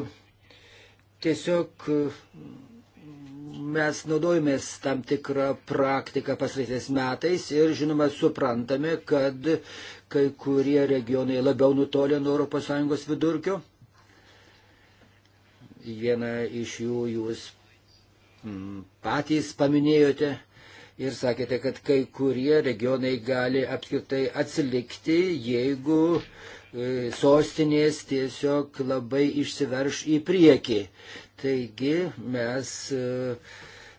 Speaker 1: Tiesiog mes naudojomės tam tikrą praktiką pasraisiais metais ir žinoma suprantame, kad kai kurie regionai labiau nutolė nuo ES vidurkio. Vieną iš jų jūs mm, patys paminėjote ir sakėte, kad kai kurie regionai gali apskritai atsilikti, jeigu uh, E, sostinės tiesiog labai išsiverš į priekį. Taigi mes e,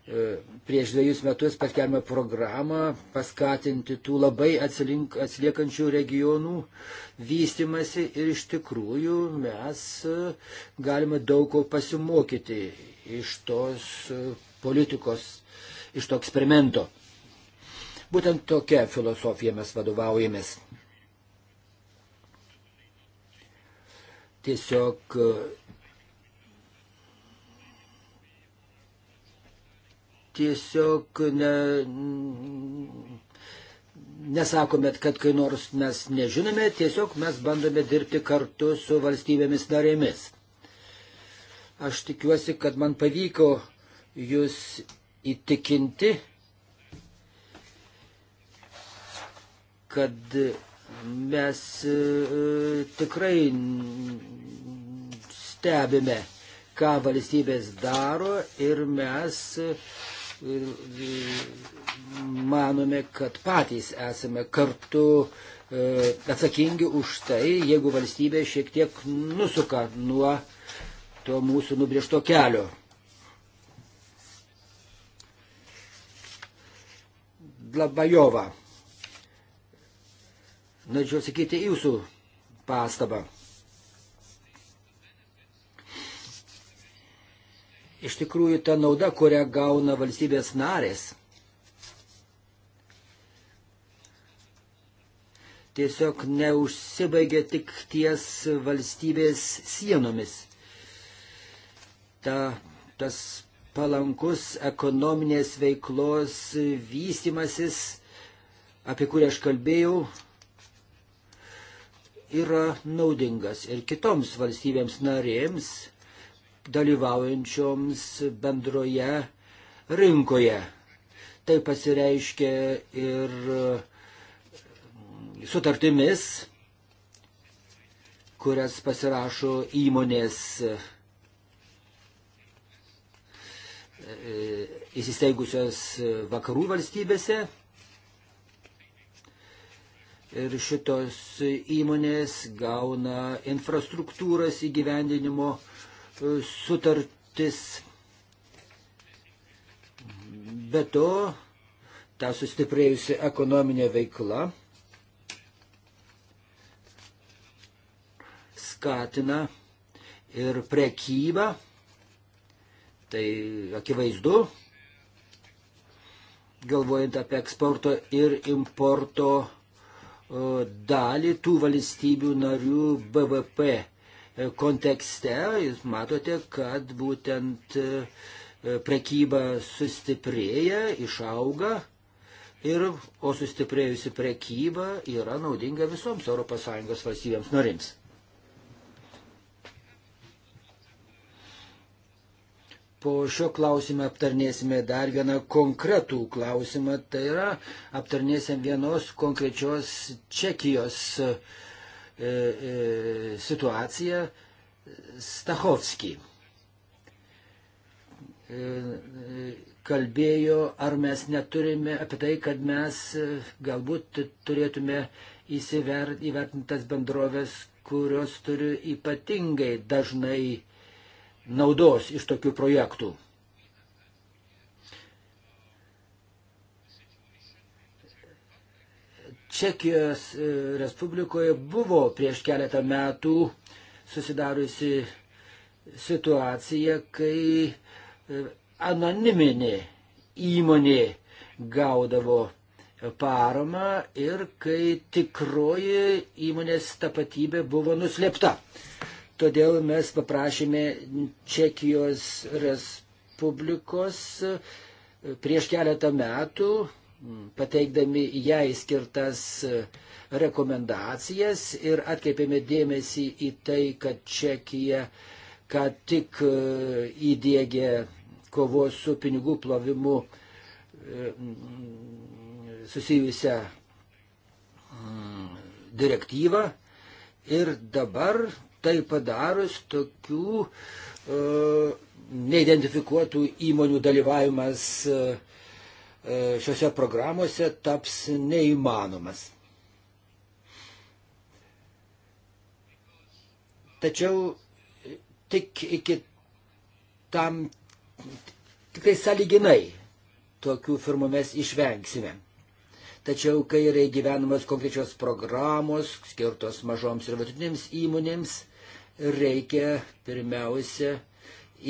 Speaker 1: e, prieš dviejus metus paskelbėme programą paskatinti tų labai atsilink, atsiliekančių regionų vystimasi ir iš tikrųjų mes galime daug ko pasimokyti iš tos politikos, iš to eksperimento. Būtent tokia filosofija mes vadovaujamės. tiesiog e, tiesiog ne, nesakomet, kad kai nors mes nežinome, tiesiog mes bandome dirbti kartu su valstybėmis narėmis. Aš tikiuosi, kad man pavyko jūs įtikinti, kad Mes e, e, tikrai stebime, ką valstybės daro ir mes e, manome, kad patys esame kartu atsakingi už tai, jeigu valstybė šiek tiek nusuka nuo to mūsų nubriežto kelio. Dlabajova norėčiau sakyti jūsų pastabą. Iš tikrųjų, ta nauda, kurią gauna valstybės narės, tiesiog neužsibaigia tik ties valstybės sienomis. Ta, tas palankus ekonominės veiklos vystimasis, apie kurį aš kalbėjau, yra naudingas ir kitoms valstybėms narėms dalyvaujančioms bendroje rinkoje. Tai pasireiškia ir e, sutartimis, kurias pasirašo įmonės e, įsisteigusios vakarų valstybėse ir šitos įmonės gauna infrastruktūros įgyvendinimo e, sutartis. Be to, ta sustiprėjusi ekonominė veikla skatina ir prekybą, tai akivaizdu, galvojant apie eksporto ir importo dalį tų valstybių narių BVP kontekste. Jūs matote, kad būtent e, prekyba sustiprėja, išauga, ir, o sustiprėjusi prekyba yra naudinga visoms ES valstybėms narims. po šio klausimo aptarnėsime dar vieną konkretų klausimą, tai yra aptarnėsim vienos konkrečios Čekijos e, e, situaciją Stachovskį. E, e, kalbėjo, ar mes neturime apie tai, kad mes e, galbūt turėtume įsiver, įvertintas bendrovės, kurios turi ypatingai dažnai naudos iš tokių projektų. Čekijos e, Respublikoje buvo prieš keletą metų susidariusi situacija, kai e, anoniminė įmonė gaudavo paramą ir kai tikroji įmonės tapatybė buvo nuslėpta. Todėl mes paprašėme Čekijos Respublikos e, prieš keletą metų, pateikdami jai skirtas e, rekomendacijas ir atkreipėme dėmesį į tai, kad Čekija ką tik e, įdėgė kovos su pinigų plovimu susijusią direktyvą ir dabar tai padarus tokių e, neidentifikuotų įmonių dalyvavimas e, e šiuose programuose taps neįmanomas. Tačiau tik iki tam, tik tai saliginai tokių firmų mes išvengsime. Tačiau, kai yra įgyvenamos konkrečios programos, skirtos mažoms ir vidutinėms įmonėms, reikia pirmiausia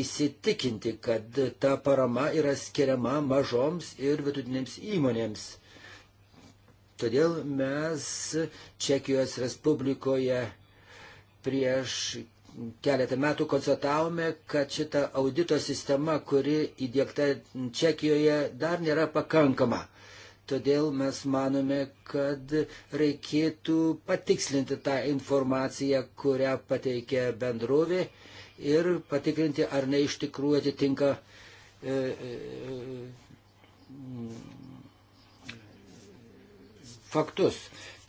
Speaker 1: įsitikinti, kad ta parama yra skiriama mažoms ir vidutinėms įmonėms. Todėl mes Čekijos Respublikoje prieš keletą metų konstatavome, kad šita audito sistema, kuri įdėkta Čekijoje, dar nėra pakankama. Todėl mes manome, kad reikėtų patikslinti tą informaciją, kurią pateikia bendrovė ir patikrinti, ar ne iš tikrųjų atitinka e, e, faktus.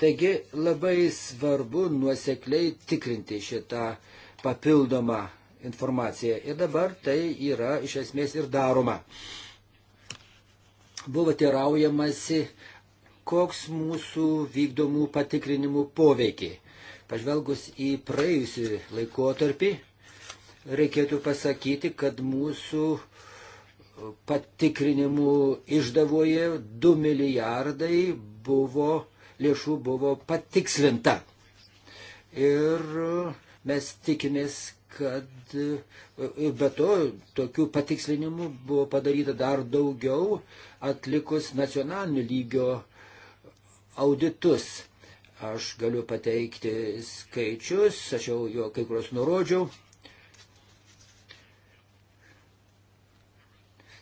Speaker 1: Taigi labai svarbu nuosekliai tikrinti šitą papildomą informaciją. Ir dabar tai yra iš esmės ir daroma. E, buvo teiraujamasi, koks mūsų vykdomų patikrinimų poveikiai. Pažvelgus į praėjusį laikotarpį, reikėtų pasakyti, kad mūsų patikrinimų išdavoje 2 milijardai buvo, lėšų buvo patikslinta. Ir mes tikimės, kad e, be to tokių patikslinimų buvo padaryta dar daugiau atlikus nacionalinio lygio auditus. Aš galiu pateikti skaičius, aš jau jo kai kurios nurodžiau.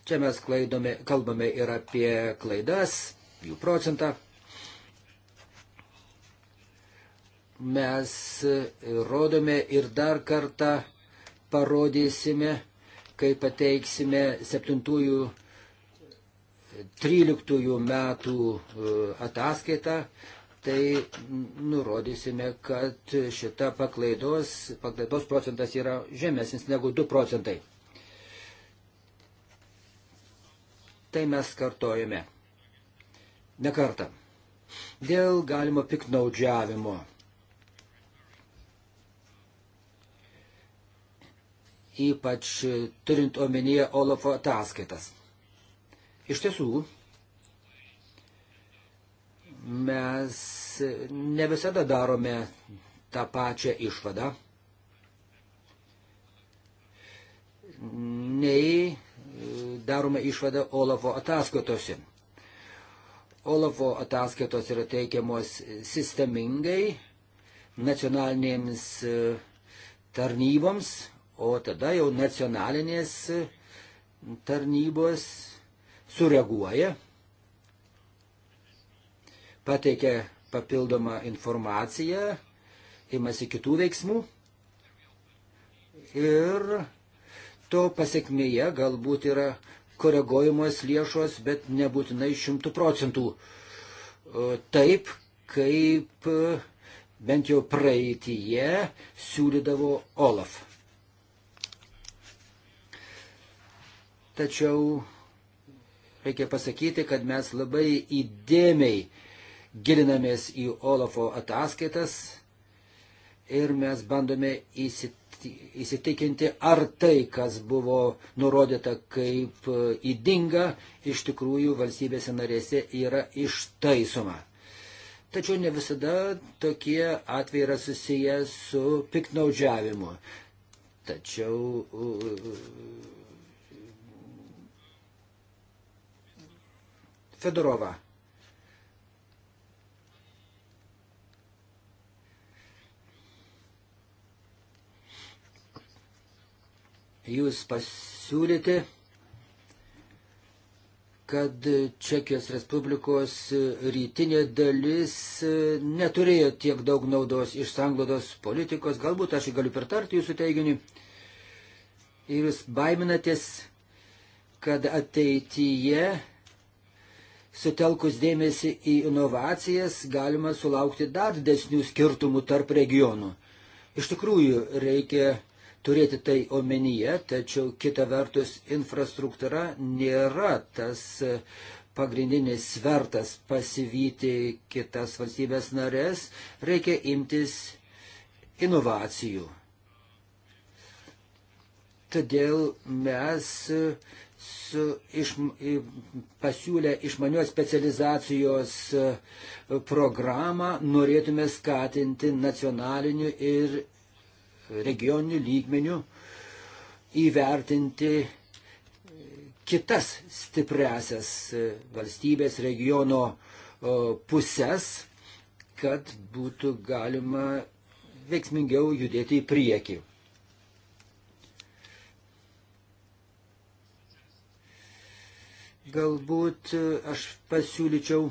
Speaker 1: Čia mes klaidome, kalbame ir apie klaidas, jų procentą. mes rodome ir dar kartą parodysime, kai pateiksime 7-13 metų e, ataskaitą, tai nurodysime, kad šita paklaidos, paklaidos procentas yra žemesnis negu 2 procentai. Tai mes kartojame. Ne kartą. Dėl galimo piknaudžiavimo ypač turint omenyje Olafo ataskaitas. Iš tiesų, mes ne visada darome tą pačią išvadą. Nei darome išvadą Olafo ataskaitose. Olafo ataskaitos yra teikiamos sistemingai nacionalinėms e, tarnyboms, o tada jau nacionalinės tarnybos sureaguoja, pateikia papildomą informaciją, imasi kitų veiksmų ir to pasiekmėje galbūt yra koreguojamos lėšos, bet nebūtinai šimtų procentų. Taip, kaip bent jau praeitįje siūlydavo Olaf. Tačiau reikia pasakyti, kad mes labai įdėmiai gilinamės į Olafo ataskaitas ir mes bandome įsitikinti, ar tai, kas buvo nurodyta kaip įdinga, iš tikrųjų valstybėse narėse yra ištaisoma. Tačiau ne visada tokie atvejai yra susiję su piknaudžiavimu. Tačiau Fedorovą. Jūs pasiūlyti, kad Čekijos Respublikos rytinė dalis neturėjo tiek daug naudos iš sanglodos politikos. Galbūt aš galiu pritarti jūsų teiginiui. Ir jūs baiminatės, kad ateityje sutelkus dėmesį į inovacijas, galima sulaukti dar didesnių skirtumų tarp regionų. Iš tikrųjų, reikia turėti tai omenyje, tačiau kita vertus infrastruktūra nėra tas e, pagrindinis svertas pasivyti kitas valstybės narės, reikia imtis inovacijų. Todėl mes su, iš, pasiūlę išmanios specializacijos e, programą, norėtume skatinti nacionaliniu ir regioniniu lygmeniu įvertinti e, kitas stipriasias e, valstybės regiono pusės, kad būtų galima veiksmingiau judėti į priekį. Galbūt e, aš pasiūlyčiau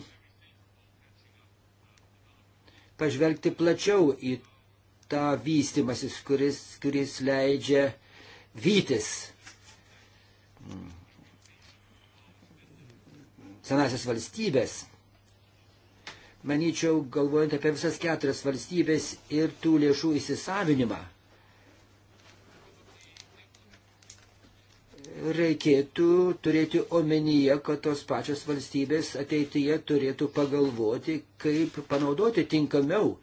Speaker 1: pažvelgti plačiau į tą vystimasis, kuris, kuris leidžia vytis senasias valstybės. Manyčiau, galvojant apie visas keturias valstybės ir tų lėšų įsisavinimą, reikėtų turėti omenyje, kad tos pačios valstybės ateityje turėtų pagalvoti, kaip panaudoti tinkamiau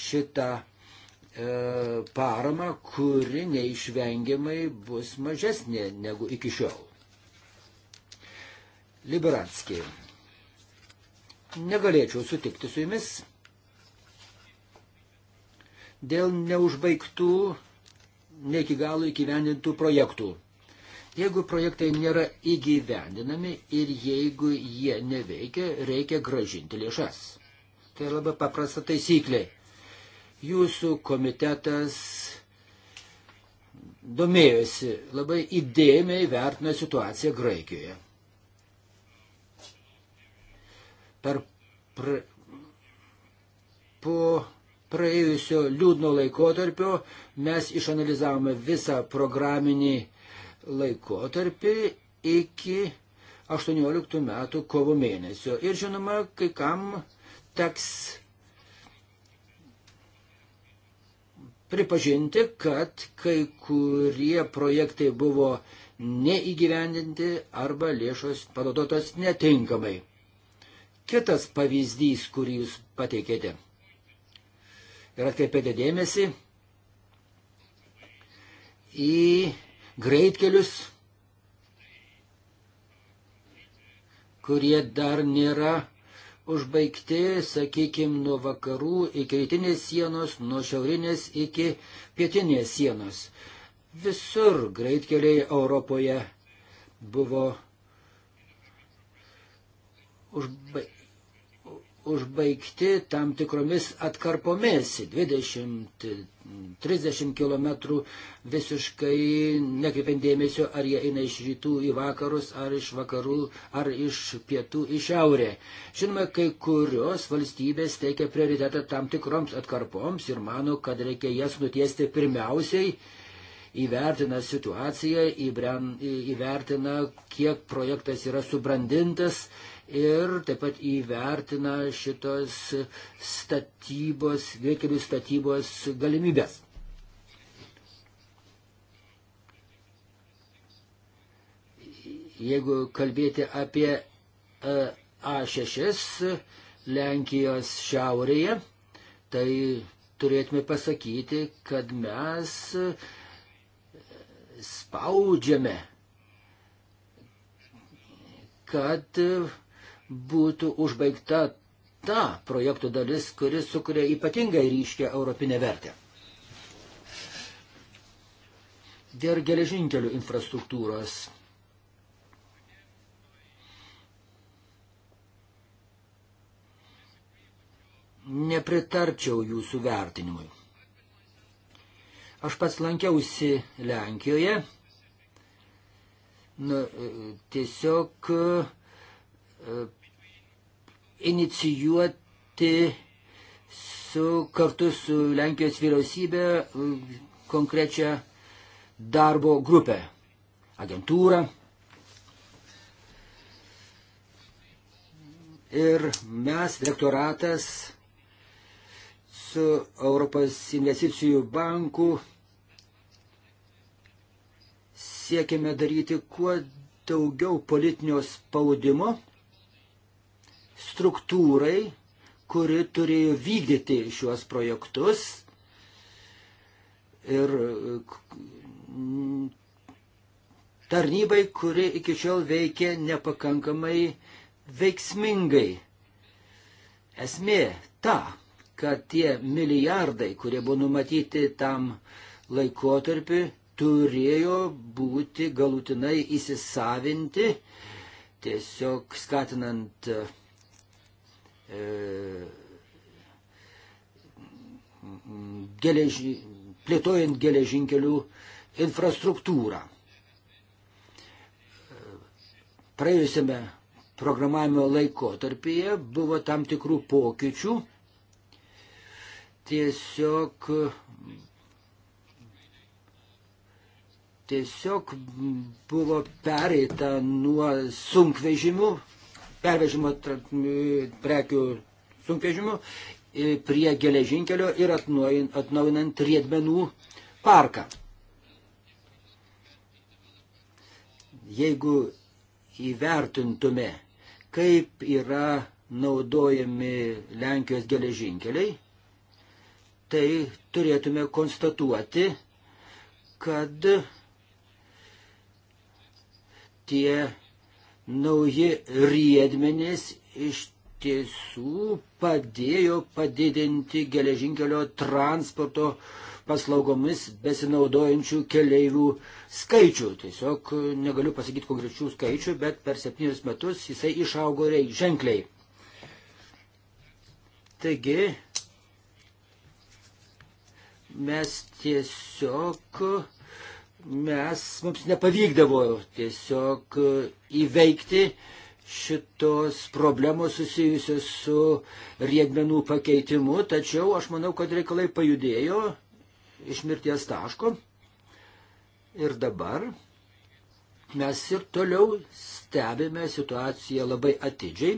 Speaker 1: šitą e, paramą, kuri neišvengiamai bus mažesnė negu iki šiol. Liberatskiai. Negalėčiau sutikti su jumis dėl neužbaigtų, ne iki galo įgyvendintų projektų. Jeigu projektai nėra įgyvendinami ir jeigu jie neveikia, reikia gražinti lėšas. Tai labai paprasta taisyklė. Jūsų komitetas domėjosi, labai įdėmiai vertino situaciją Graikijoje. Per pr... po praėjusio liūdno laikotarpio mes išanalizavome visą programinį laikotarpį iki 18 metų kovo mėnesio. Ir žinoma, kai kam teks pripažinti, kad kai kurie projektai buvo neįgyvendinti arba lėšos panaudotos netinkamai. Kitas pavyzdys, kurį jūs pateikėte ir atkreipėte dėmesį į greitkelius, kurie dar nėra užbaigti, sakykime, nuo vakarų iki rytinės sienos, nuo šiaurinės iki pietinės sienos. Visur greitkeliai Europoje buvo užbaigti užbaigti tam tikromis atkarpomis 20-30 km visiškai nekreipiant dėmesio, ar jie eina iš rytų į vakarus, ar iš vakarų, ar iš pietų į šiaurę. Žinoma, kai kurios valstybės teikia prioritetą tam tikroms atkarpoms ir mano, kad reikia jas nutiesti pirmiausiai. Įvertina situaciją, įvertina, kiek projektas yra subrandintas ir taip pat įvertina šitos statybos, greitkelių statybos galimybės. Jeigu kalbėti apie e, A6 Lenkijos šiaurėje, tai turėtume pasakyti, kad mes spaudžiame, kad būtų užbaigta ta projektų dalis, kuris sukuria ypatingai ryškę europinę vertę. Dėl geležinkelių infrastruktūros. Nepritarčiau jūsų vertinimui. Aš pats lankiausi Lenkijoje. Nu, e, tiesiog e, inicijuoti su, kartu su Lenkijos vyriausybė konkrečią darbo grupę, agentūrą. Ir mes, direktoratas, su Europos investicijų banku siekime daryti kuo daugiau politinio spaudimo struktūrai, kuri turėjo vykdyti šiuos projektus ir mm, tarnybai, kuri iki šiol veikė nepakankamai veiksmingai. Esmė ta, kad tie milijardai, kurie buvo numatyti tam laikotarpiu, turėjo būti galutinai įsisavinti, tiesiog skatinant uh, E, geleži, plėtojant geležinkelių infrastruktūrą. Praėjusiame programavimo laikotarpyje buvo tam tikrų pokyčių. Tiesiog, tiesiog buvo pereita nuo sunkvežimių pervežimo e, prekių sunkvežimių e, prie geležinkelio ir atnaujinant riedmenų parką. Jeigu įvertintume, kaip yra naudojami Lenkijos geležinkeliai, tai turėtume konstatuoti, kad tie Nauji riedmenės iš tiesų padėjo padidinti geležinkelio transporto paslaugomis besinaudojančių keleivių skaičių. Tiesiog negaliu pasakyti konkrečių skaičių, bet per septynius metus jisai išaugo ženkliai. Taigi, mes tiesiog mes, mums nepavykdavo tiesiog e, įveikti šitos problemos susijusios su riedmenų pakeitimu, tačiau aš manau, kad reikalai pajudėjo iš mirties taško. Ir dabar mes ir toliau stebime situaciją labai atidžiai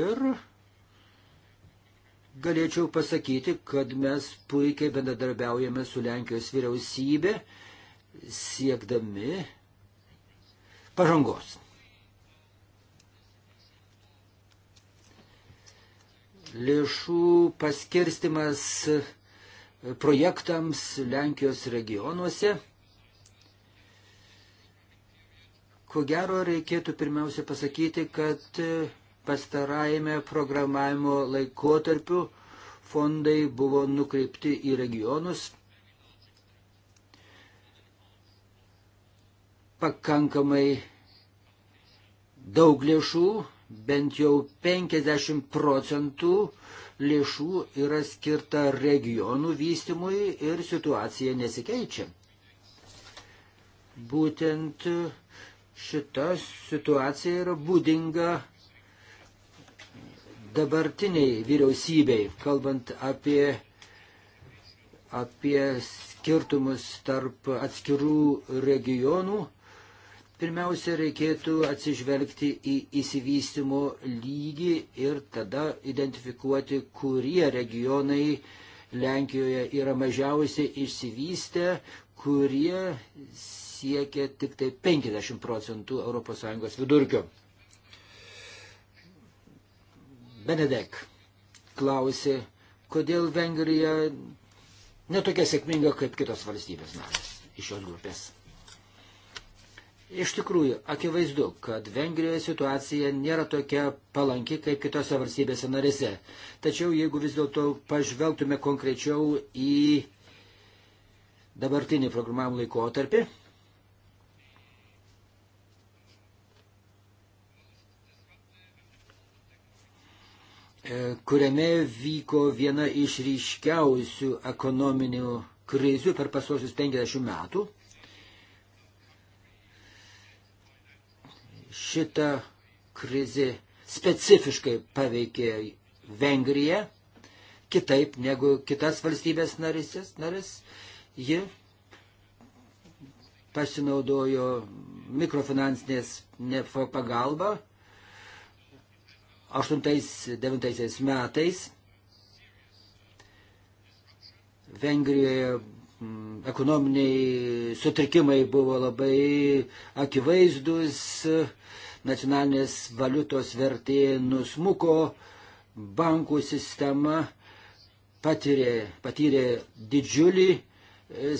Speaker 1: ir galėčiau pasakyti, kad mes puikiai bendradarbiaujame su Lenkijos vyriausybė siekdami pažangos. Lėšų paskirstimas projektams Lenkijos regionuose. Ko gero reikėtų pirmiausia pasakyti, kad pastarajame programavimo laikotarpiu fondai buvo nukreipti į regionus. Pakankamai daug lėšų, bent jau 50 procentų lėšų yra skirta regionų vystimui ir situacija nesikeičia. Būtent šita situacija yra būdinga dabartiniai vyriausybei, kalbant apie, apie skirtumus tarp atskirų regionų, pirmiausia, reikėtų atsižvelgti į įsivystimo lygį ir tada identifikuoti, kurie regionai Lenkijoje yra mažiausiai išsivystę, kurie siekia tik tai 50 procentų ES vidurkio. Benedek klausė, kodėl Vengrija netokia sėkminga kaip kitos valstybės narės iš šios grupės. Iš tikrųjų, akivaizdu, kad Vengrijoje situacija nėra tokia palanki kaip kitose valstybėse narėse. Tačiau jeigu vis dėlto pažvelgtume konkrečiau į dabartinį programavimo laikotarpį, E, kuriame vyko viena iš ryškiausių ekonominių krizių per pasuosius 50 metų. Šita krizė specifiškai paveikė Vengriją, kitaip negu kitas valstybės narisės, naris. Ji pasinaudojo mikrofinansinės pagalba 8-9 metais Vengrijoje mm, ekonominiai sutrikimai buvo labai akivaizdus, nacionalinės valiutos vertė nusmuko, bankų sistema patyrė, patyrė didžiulį e,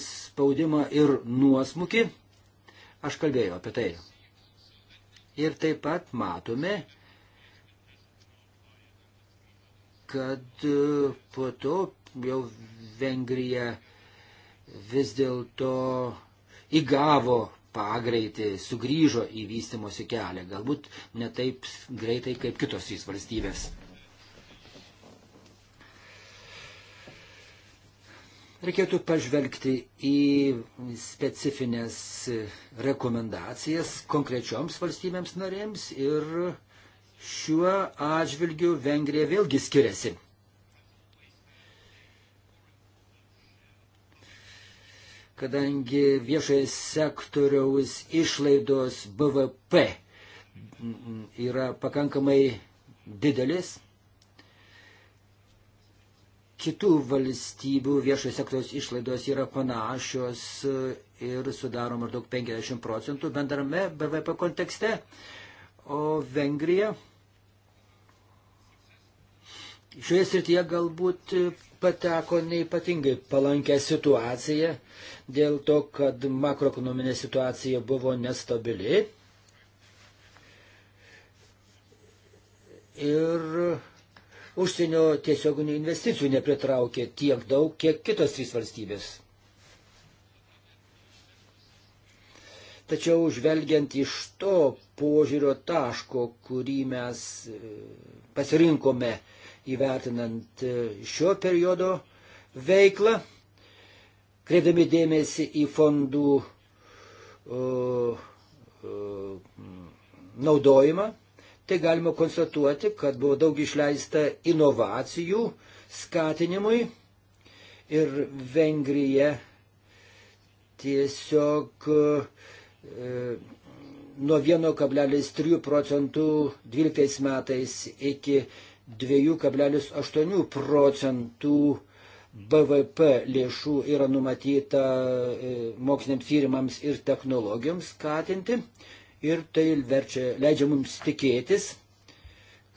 Speaker 1: spaudimą ir nuosmukį. Aš kalbėjau apie tai. Ir taip pat matome, kad e, po to jau Vengrija vis dėlto įgavo pagreitį, sugrįžo į vystimosi kelią, galbūt ne taip greitai kaip kitos trys valstybės. Reikėtų pažvelgti į specifines rekomendacijas konkrečioms valstybėms narėms ir uh, Šiuo atžvilgiu Vengrija vėlgi skiriasi. Kadangi viešoje sektoriaus išlaidos BVP yra pakankamai didelis, kitų valstybių viešojo sektoriaus išlaidos yra panašios ir sudaro maždaug 50 procentų bendrame BVP kontekste, o Vengrija šioje srityje galbūt pateko neipatingai palankę situaciją dėl to, kad makroekonominė situacija buvo nestabili. Ir užsienio tiesioginių investicijų nepritraukė tiek daug, kiek kitos trys valstybės. Tačiau žvelgiant iš to požiūrio taško, kurį mes e, pasirinkome įvertinant e, šio periodo veiklą, kreipdami dėmesį į fondų naudojimą, tai galima konstatuoti, kad buvo daug išleista inovacijų skatinimui ir Vengrija tiesiog e, nuo 1,3 procentų 12 metais iki 2,8 procentų BVP lėšų yra numatyta e, moksliniams tyrimams ir technologijoms skatinti. Ir tai verčia, leidžia mums tikėtis,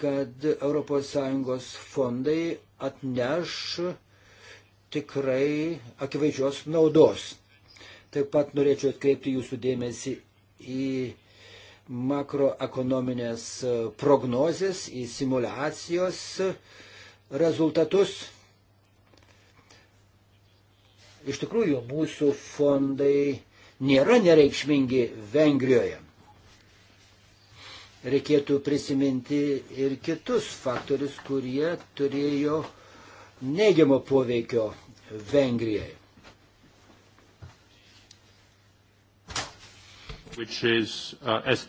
Speaker 1: kad ES fondai atneš tikrai akivaizdžios naudos. Taip pat norėčiau atkreipti jūsų dėmesį į makroekonominės e, prognozės, į simulacijos e, rezultatus. Iš tikrųjų, mūsų fondai nėra nereikšmingi Vengrijoje. Reikėtų prisiminti ir kitus faktorius, kurie turėjo neigiamo poveikio Vengrijai.
Speaker 2: Is, uh, as...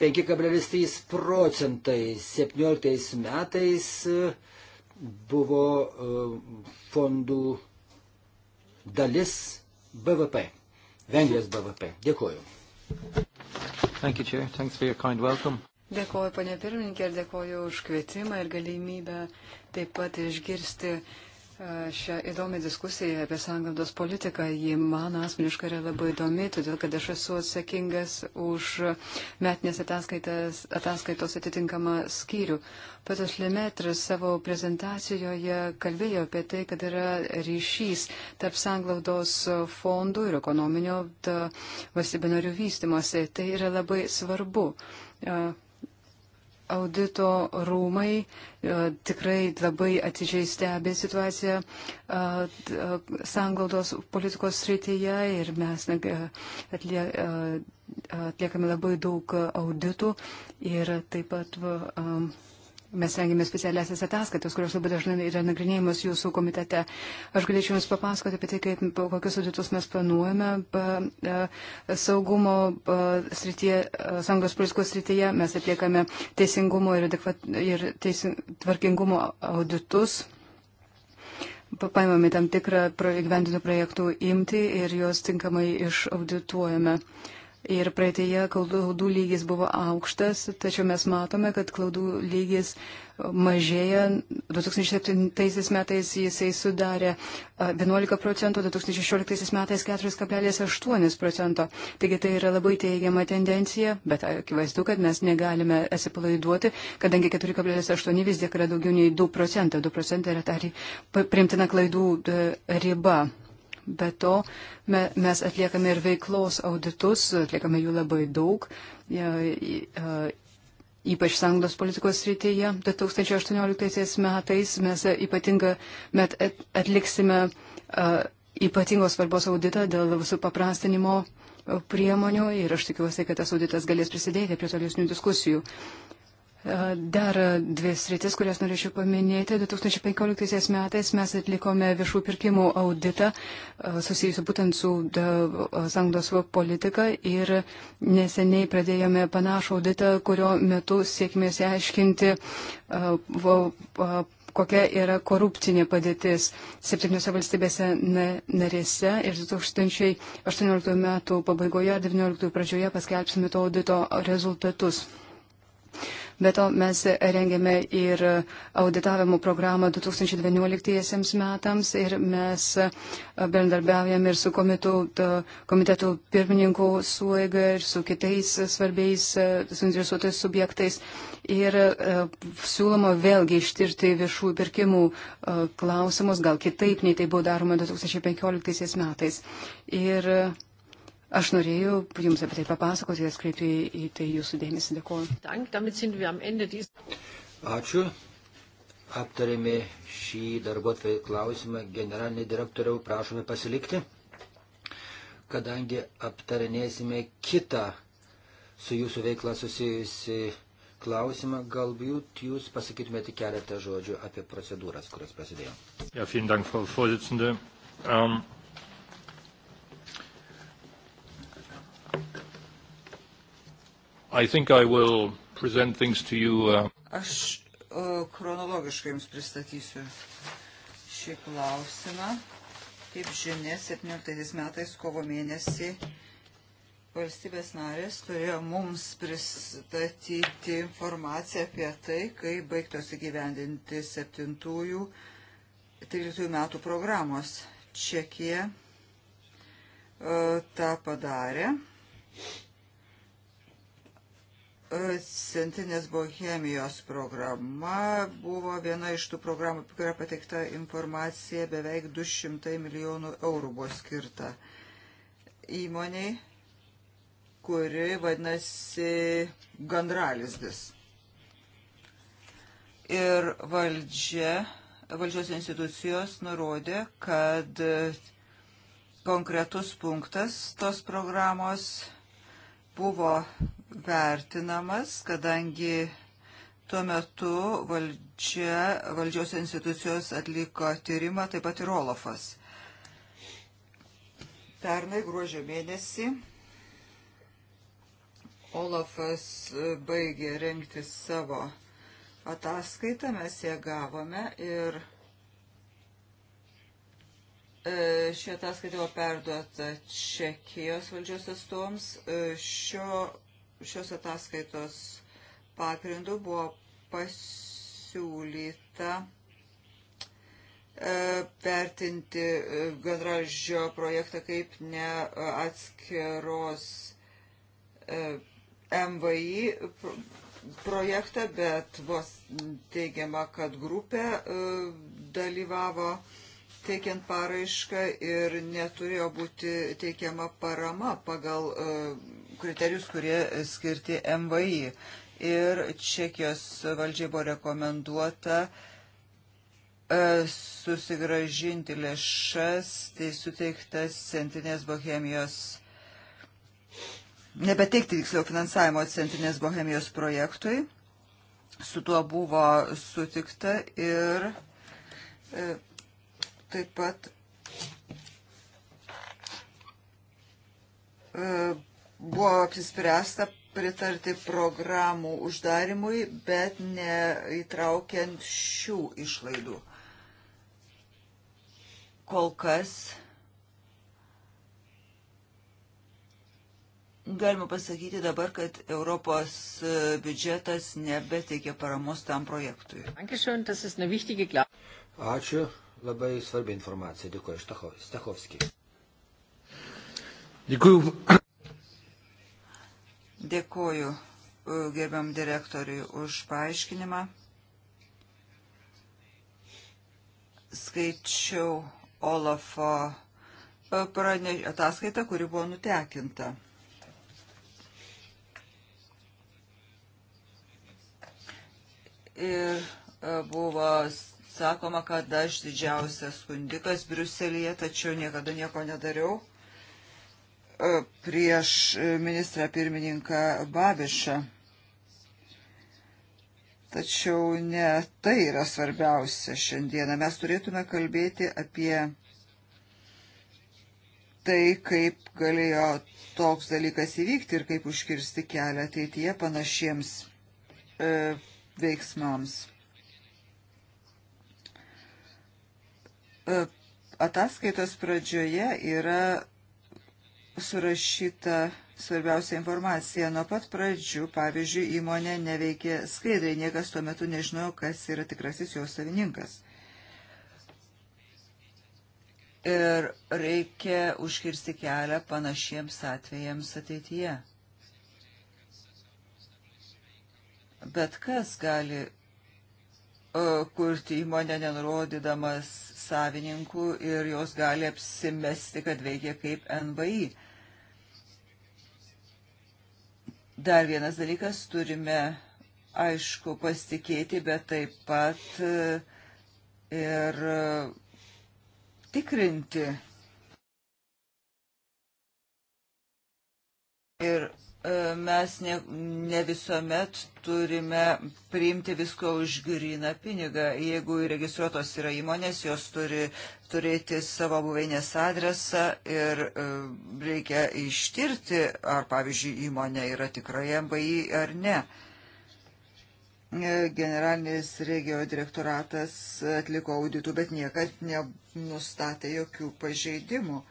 Speaker 1: 5,3 procentai 17 metais e, buvo e, fondų dalis BVP, Vengrijos BVP. Dėkuoju. Thank you, Chair. Thanks for your kind welcome.
Speaker 3: Dėkuoju, panė pirmininkė, ir dėkuoju už kvietimą ir galimybę taip pat išgirsti uh, šią įdomią diskusiją apie sąnglaudos politiką. Ji man asmeniškai yra labai įdomi, todėl kad aš esu atsakingas už metinės ataskaitos atitinkamą skyrių. Patas Lemetras savo prezentacijoje kalbėjo apie tai, kad yra ryšys tarp sąnglaudos fondų ir ekonominio valstybinio narių vystimosi. Tai yra labai svarbu. Uh, audito rūmai e, tikrai labai atidžiai stebė situaciją e, e, sanglaudos politikos srityje ir mes atliekame labai daug auditų ir taip pat Mes rengėme specialiasias ataskaitas, kurios labai dažnai yra nagrinėjimas jūsų komitete. Aš galėčiau Jums papasakoti apie tai, kaip, kokius auditus mes planuojame pa, a, e, saugumo a, srityje, a, e, sąjungos politikos srityje. Mes atliekame teisingumo ir, adekvat, ir teisin, tvarkingumo auditus paimame tam tikrą įgyvendintų projektų imti ir juos tinkamai išaudituojame. Uh, Ir praeitėje klaudų lygis buvo aukštas, tačiau mes matome, kad klaudų lygis mažėja. 2007 metais jisai sudarė 11 procentų, 2016 metais 4,8 procento. Taigi tai yra labai teigiama tendencija, bet akivaizdu, kad mes negalime atsipalaiduoti, kadangi 4,8 vis tiek yra daugiau nei 2 procentai. 2 procentai yra ta primtina klaidų riba. Be to, me, mes atliekame ir veiklos auditus, atliekame jų labai daug, e, e, e, ypač sanglos politikos srityje. 2018 metais mes ypatinga, met atliksime ypatingos svarbos auditą dėl supaprastinimo priemonių ir aš tikiuosi, kad tas auditas galės prisidėti prie tolesnių diskusijų. E, dar dvi sritis, kurias norėčiau paminėti. 2015 metais mes atlikome viešų pirkimų auditą e, susijusiu būtent su e, sanglos politika ir neseniai pradėjome panašų auditą, kurio metu siekime įsiaiškinti, kokia yra korupcinė padėtis septyniose valstybėse narėse ir 2018 metų pabaigoje ar 2019 pradžioje paskelbsime to audito rezultatus. Be to mes rengėme ir auditavimo programą 2012 metams ir mes bendarbiaujame ir su komitu, komitetų pirmininku suėga ir su kitais svarbiais e, suinteresuotais subjektais. Ir e, siūloma vėlgi ištirti viešųjų pirkimų e, klausimus, gal kitaip nei tai buvo daroma 2015 metais. Ir Aš norėjau Jums apie tai papasakoti ir atkreipti į tai Jūsų dėmesį. Dėkuoju.
Speaker 1: Ačiū. Aptarėme šį darbo klausimą. Generalinį direktoriau prašome pasilikti, kadangi aptarinėsime kitą su Jūsų veikla susijusi klausimą. Galbūt Jūs pasakytumėte keletą žodžių apie procedūras, kurios prasidėjo. Ja, vielen Dank, Frau Vorsitzende. Um...
Speaker 2: I think I will present things to you. Uh... Aš uh, chronologiškai Jums pristatysiu šį klausimą. Kaip žinia, 17 metais kovo mėnesį valstybės narės turėjo mums pristatyti informaciją apie tai, kai baigtos įgyvendinti 7-13 metų programos. Čekija uh, tą padarė Centrinės Bohemijos programa buvo viena iš tų programų, apie kurią pateikta informacija, beveik 200 milijonų eurų buvo skirta įmoniai, kuri vadinasi Gandralizdis. Ir valdžia, valdžios institucijos nurodė, kad konkretus punktas tos programos buvo vertinamas, kadangi tuo metu valdžia, valdžios institucijos atliko tyrimą, taip pat ir Olafas. Pernai gruožio mėnesį Olafas baigė renkti savo ataskaitą, mes ją gavome ir e, ši ataskaita buvo perduota Čekijos valdžios atstovams. E, šio šios ataskaitos pagrindu buvo pasiūlyta e, vertinti e, gandražio projektą kaip ne e, atskiros MVI projektą, bet buvo teigiama, kad grupė dalyvavo teikiant paraišką ir neturėjo būti teikiama parama pagal e, kriterijus, kurie skirti MVI. Ir Čekijos valdžiai buvo rekomenduota e, susigražinti lėšas, tai suteiktas Centrinės Bohemijos nebeteikti tiksliau finansavimo Centrinės Bohemijos projektui. Su tuo buvo sutikta ir e, taip pat e, buvo apsispręsta pritarti programų uždarimui, bet neįtraukiant šių išlaidų. Kol kas galima pasakyti dabar, kad Europos e, biudžetas nebeteikia paramos tam projektui.
Speaker 1: Ačiū labai svarbi informacija. Dėkuoju, Stachovski. Dėkuoju. Dėkuoju e,
Speaker 2: gerbiam direktoriui už paaiškinimą. Skaičiau Olafo e, prane... ataskaitą, kuri buvo nutekinta. Ir e, buvo sakoma, kad aš didžiausias skundikas Briuselėje, tačiau niekada nieko nedariau e, prieš e, ministrą pirmininką Babišą. Tačiau ne tai yra svarbiausia šiandieną. Mes turėtume kalbėti apie tai, kaip galėjo toks dalykas įvykti ir kaip užkirsti kelią ateityje panašiems e, veiksmams. E, ataskaitos pradžioje yra surašyta svarbiausia informacija. Nuo pat pradžių, pavyzdžiui, įmonė neveikė skaidriai, niekas tuo metu nežinojo, kas yra tikrasis jos savininkas. Ir reikia užkirsti kelią panašiems atvejams ateityje. Bet kas gali uh, kurti įmonę nenurodydamas savininkų ir jos gali apsimesti, kad veikia kaip NVI. Dar vienas dalykas, turime aišku pasitikėti, bet taip pat e, ir e, tikrinti. Ir E, mes ne, ne visuomet turime priimti visko už gryną pinigą. Jeigu įregistruotos yra įmonės, jos turi turėti savo buveinės adresą ir e, reikia ištirti, ar pavyzdžiui įmonė yra tikrai MBI ar ne. E, generalinis regio direktoratas atliko auditų, bet niekad nenustatė jokių pažeidimų.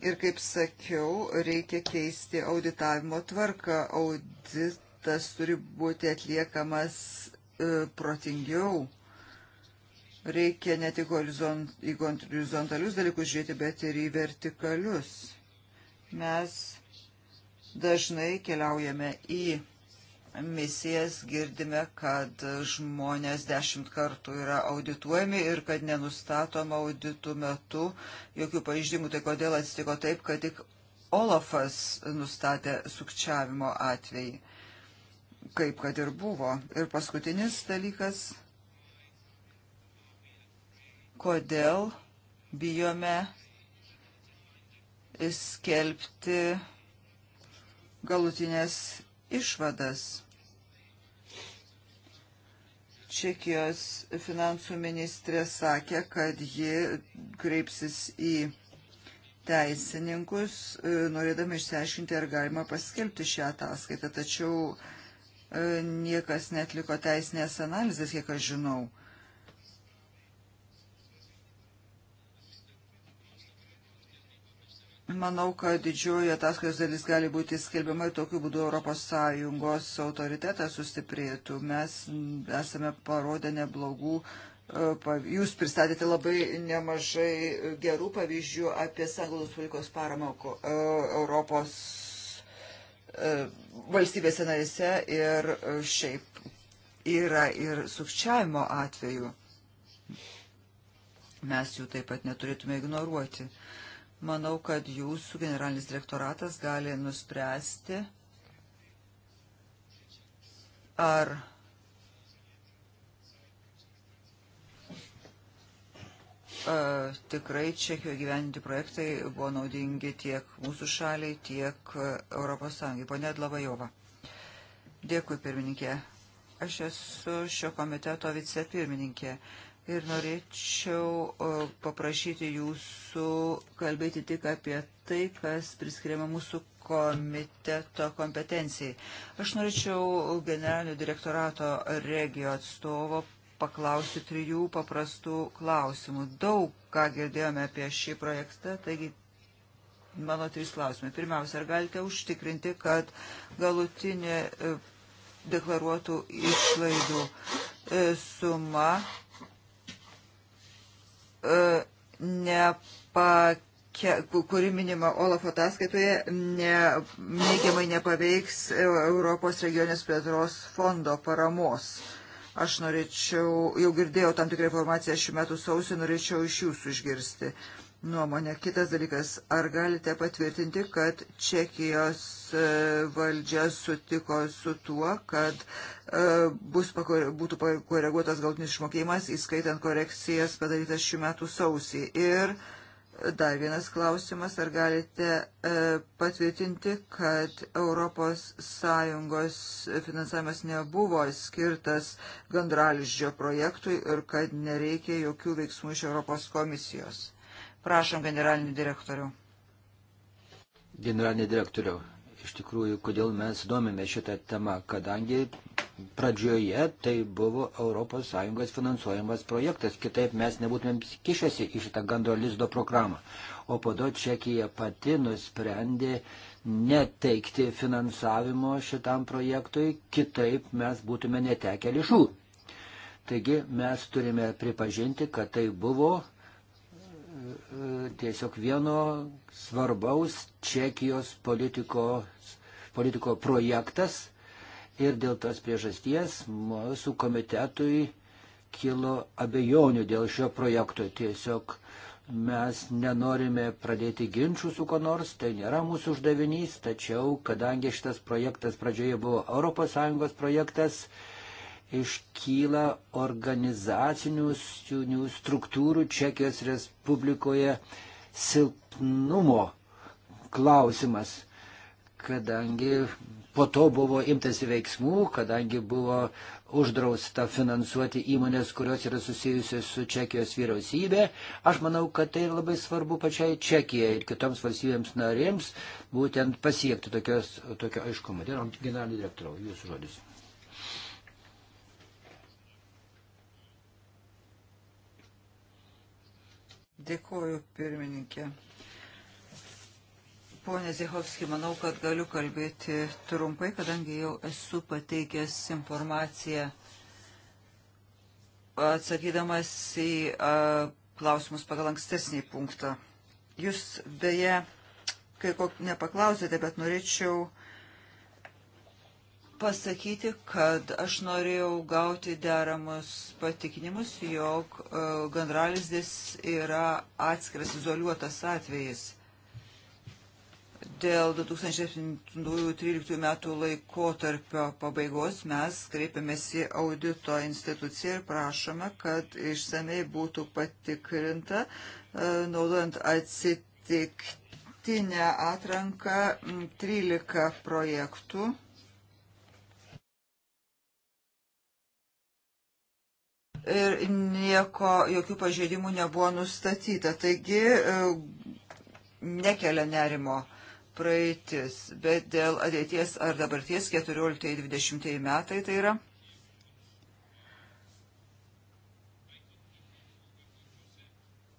Speaker 2: Ir kaip sakiau, reikia keisti auditavimo tvarką. Auditas turi būti atliekamas e, protingiau. Reikia ne tik horizont, į horizontalius dalykus žiūrėti, bet ir į vertikalius. Mes dažnai keliaujame į misijas girdime, kad žmonės dešimt kartų yra audituojami ir kad nenustatoma auditų metu jokių pažydimų. Tai kodėl atsitiko taip, kad tik Olafas nustatė sukčiavimo atvejį, kaip kad ir buvo. Ir paskutinis dalykas, kodėl bijome skelbti galutinės išvadas. Čekijos finansų ministrė sakė, kad ji kreipsis į teisininkus, e, norėdami išsiaiškinti, ar galima paskelbti šią ataskaitą, tačiau e, niekas netliko teisinės analizės, kiek aš žinau. Manau, kad didžioji ataskaitos dalis gali būti skelbiama ir tokiu būdu ES autoritetas sustiprėtų. Mes esame parodę neblogų, e, jūs pristatėte labai nemažai gerų pavyzdžių apie sanglaudos politikos paramą e, Europos e, valstybėse narėse ir šiaip yra ir sukčiavimo atveju. Mes jų taip pat neturėtume ignoruoti. Uh, Manau, kad jūsų generalinis direktoratas gali nuspręsti, ar a, tikrai Čekijoje gyventi projektai buvo naudingi tiek mūsų šaliai, tiek Europos Sąjungai. Pone Dlavajova. Dėkui, pirmininkė. Aš esu šio komiteto vicepirmininkė. pirmininkė ir norėčiau paprašyti jūsų kalbėti tik apie tai, kas priskiriama mūsų komiteto kompetencijai. Aš norėčiau generalinio direktorato regio atstovo paklausiu trijų paprastų klausimų. Daug ką girdėjome apie šį projektą, taigi mano trys klausimai. Pirmiausia, ar galite užtikrinti, kad galutinė e, deklaruotų išlaidų e, suma E, nepakeisti kuri minima Olaf ataskaitoje, ne, neigiamai nepaveiks e, Europos regionės plėtros fondo paramos. Aš norėčiau, jau girdėjau tam tikrą informaciją šių metų sausį, norėčiau iš jūsų išgirsti. Uh, nuomonę. Kitas dalykas, ar galite patvirtinti, kad Čekijos e, valdžia sutiko su tuo, kad e, bus pakore, būtų pakoreguotas galtinis išmokėjimas, įskaitant korekcijas padarytas šių metų sausį? Ir Dar vienas klausimas, ar galite e, patvirtinti, kad ES finansavimas nebuvo skirtas gandraliždžio projektui ir kad nereikia jokių veiksmų iš Europos komisijos? Prašom, generalinių direktorių.
Speaker 1: Generalinė direktorių, iš tikrųjų, kodėl mes domime šitą temą, kadangi pradžioje tai buvo ES finansuojamas projektas, kitaip mes nebūtumėm kišęsi į šitą gando lizdo programą. O po to Čekija pati nusprendė neteikti finansavimo šitam projektui, kitaip mes būtume netekę lėšų. Taigi mes turime pripažinti, kad tai buvo tiesiog vieno svarbaus Čekijos politiko, politiko projektas ir dėl tos priežasties mūsų komitetui kilo abejonių dėl šio projekto. Tiesiog mes nenorime pradėti ginčių su kuo nors, tai nėra mūsų uždavinys, tačiau kadangi šitas projektas pradžioje buvo ES projektas, iškyla organizacinių struktūrų Čekijos Respublikoje silpnumo klausimas, kadangi po to buvo imtasi veiksmų, kadangi buvo uždrausta finansuoti įmonės, kurios yra susijusios su Čekijos vyriausybė. Aš manau, kad tai labai svarbu pačiai Čekijai ir kitoms valstybėms narėms būtent pasiekti tokios, tokio aiškumo. Generalinį direktorą, jūsų žodis.
Speaker 2: Dėkuoju, pirmininkė. Pone Zihovski, manau, kad galiu kalbėti trumpai, kadangi jau esu pateikęs informaciją atsakydamas į a, klausimus pagal ankstesnį punktą. Jūs beje, kai ko nepaklausėte, bet norėčiau pasakyti, kad aš norėjau gauti deramus patikinimus, jog e, gandralizdis yra atskiras izoliuotas atvejis. Dėl 2013 metų laiko tarpio pabaigos mes kreipiamės į audito instituciją ir prašome, kad išsamei būtų patikrinta, e, naudojant atsitiktinę atranką 13 projektų ir nieko, jokių pažeidimų nebuvo nustatyta. Taigi e, nekelia nerimo praeitis, bet dėl ateities ar dabarties 14-20 metai tai yra.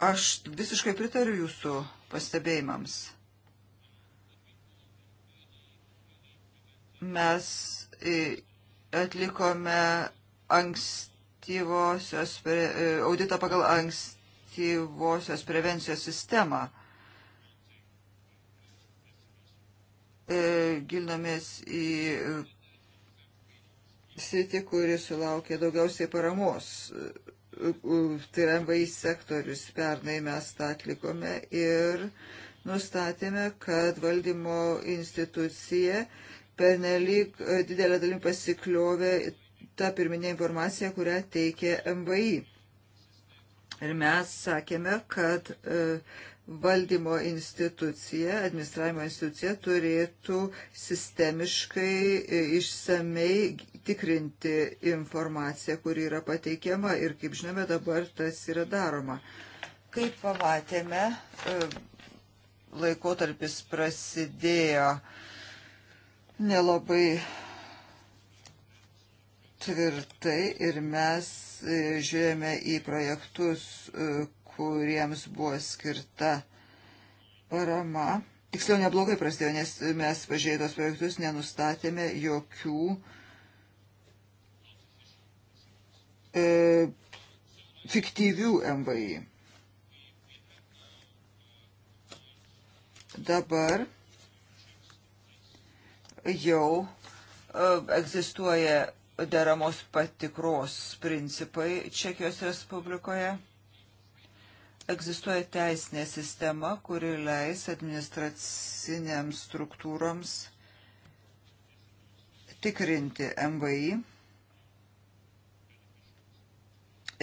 Speaker 2: Aš visiškai pritariu jūsų pastebėjimams. Mes e, atlikome anksti ankstyvosios, e, auditą pagal ankstyvosios prevencijos sistemą. E, Gilnomės į sritį, kuri sulaukė daugiausiai paramos. E, tai yra MVI sektorius. Pernai mes tą atlikome ir nustatėme, kad valdymo institucija pernelyg didelę dalim pasikliovė ta pirminė informacija, kurią teikė MVI. Ir mes sakėme, kad e, valdymo institucija, administravimo institucija turėtų sistemiškai e, išsamei tikrinti informaciją, kuri yra pateikiama ir, kaip žinome, dabar tas yra daroma. Kaip pamatėme, e, laikotarpis prasidėjo nelabai tvirtai ir mes e, žiūrėjome į projektus, e, kuriems buvo skirta parama. Tiksliau neblogai prasidėjo, nes mes pažiūrėtos projektus nenustatėme jokių e, fiktyvių MVI. Dabar jau e, egzistuoja deramos patikros principai Čekijos Respublikoje. Egzistuoja teisinė sistema, kuri leis administraciniams struktūroms tikrinti MVI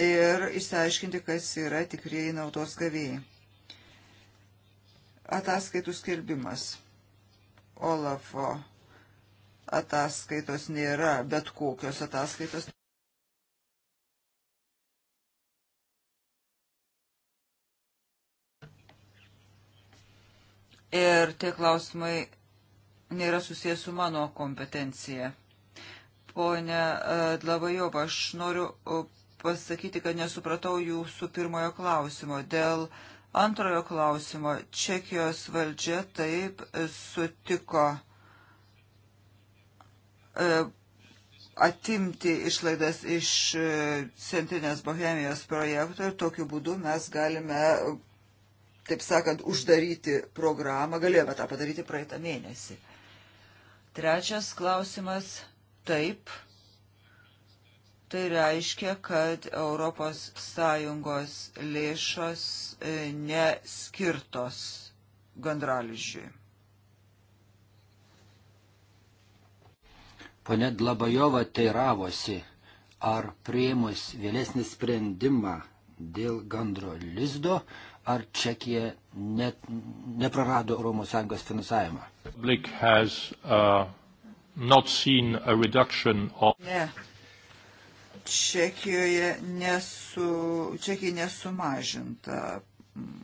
Speaker 2: ir išsiaiškinti, kas yra tikrieji naudos gavėjai. Ataskaitų skelbimas Olafo ataskaitos nėra bet kokios ataskaitos. Ir tie klausimai nėra susijęs su mano kompetencija. Pone e, Dlavajov, aš noriu e, pasakyti, kad nesupratau jūsų pirmojo klausimo. Dėl antrojo klausimo Čekijos valdžia taip sutiko E, atimti išlaidas iš e, Centrinės Bohemijos projekto ir tokiu būdu mes galime, taip sakant, uždaryti programą. Galėjome tą padaryti praeitą mėnesį. Trečias klausimas. Taip. Tai reiškia, kad ES lėšos e, neskirtos gandraližiui.
Speaker 1: Pone Dlabajova teiravosi, ar prieimus vėlesnį sprendimą dėl gandro lizdo, ar Čekija net neprarado ES finansavimą. Has, uh, of...
Speaker 2: Ne. Čekijoje nesu, Čekija nesumažinta mm,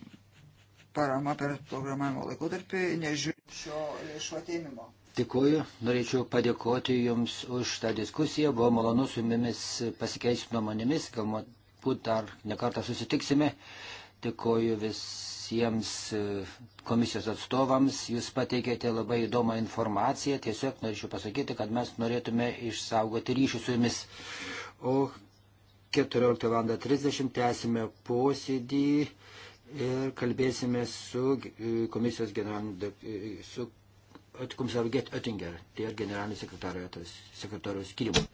Speaker 2: parama per programavimo laikotarpį, nežiūrint šio lėšų atėmimo.
Speaker 1: Dėkuoju, norėčiau padėkoti Jums už tą diskusiją, buvo malonu su Jumis pasikeisti nuomonėmis, galbūt dar nekartą susitiksime. Dėkuoju visiems komisijos atstovams, Jūs pateikėte labai įdomą informaciją, tiesiog norėčiau pasakyti, kad mes norėtume išsaugoti ryšį su Jumis. O 14.30 tęsime posėdį ir kalbėsime su e, komisijos generaliniu, e, su komisaro Get Oettinger, tai yra generalinis sekretorius skirimo.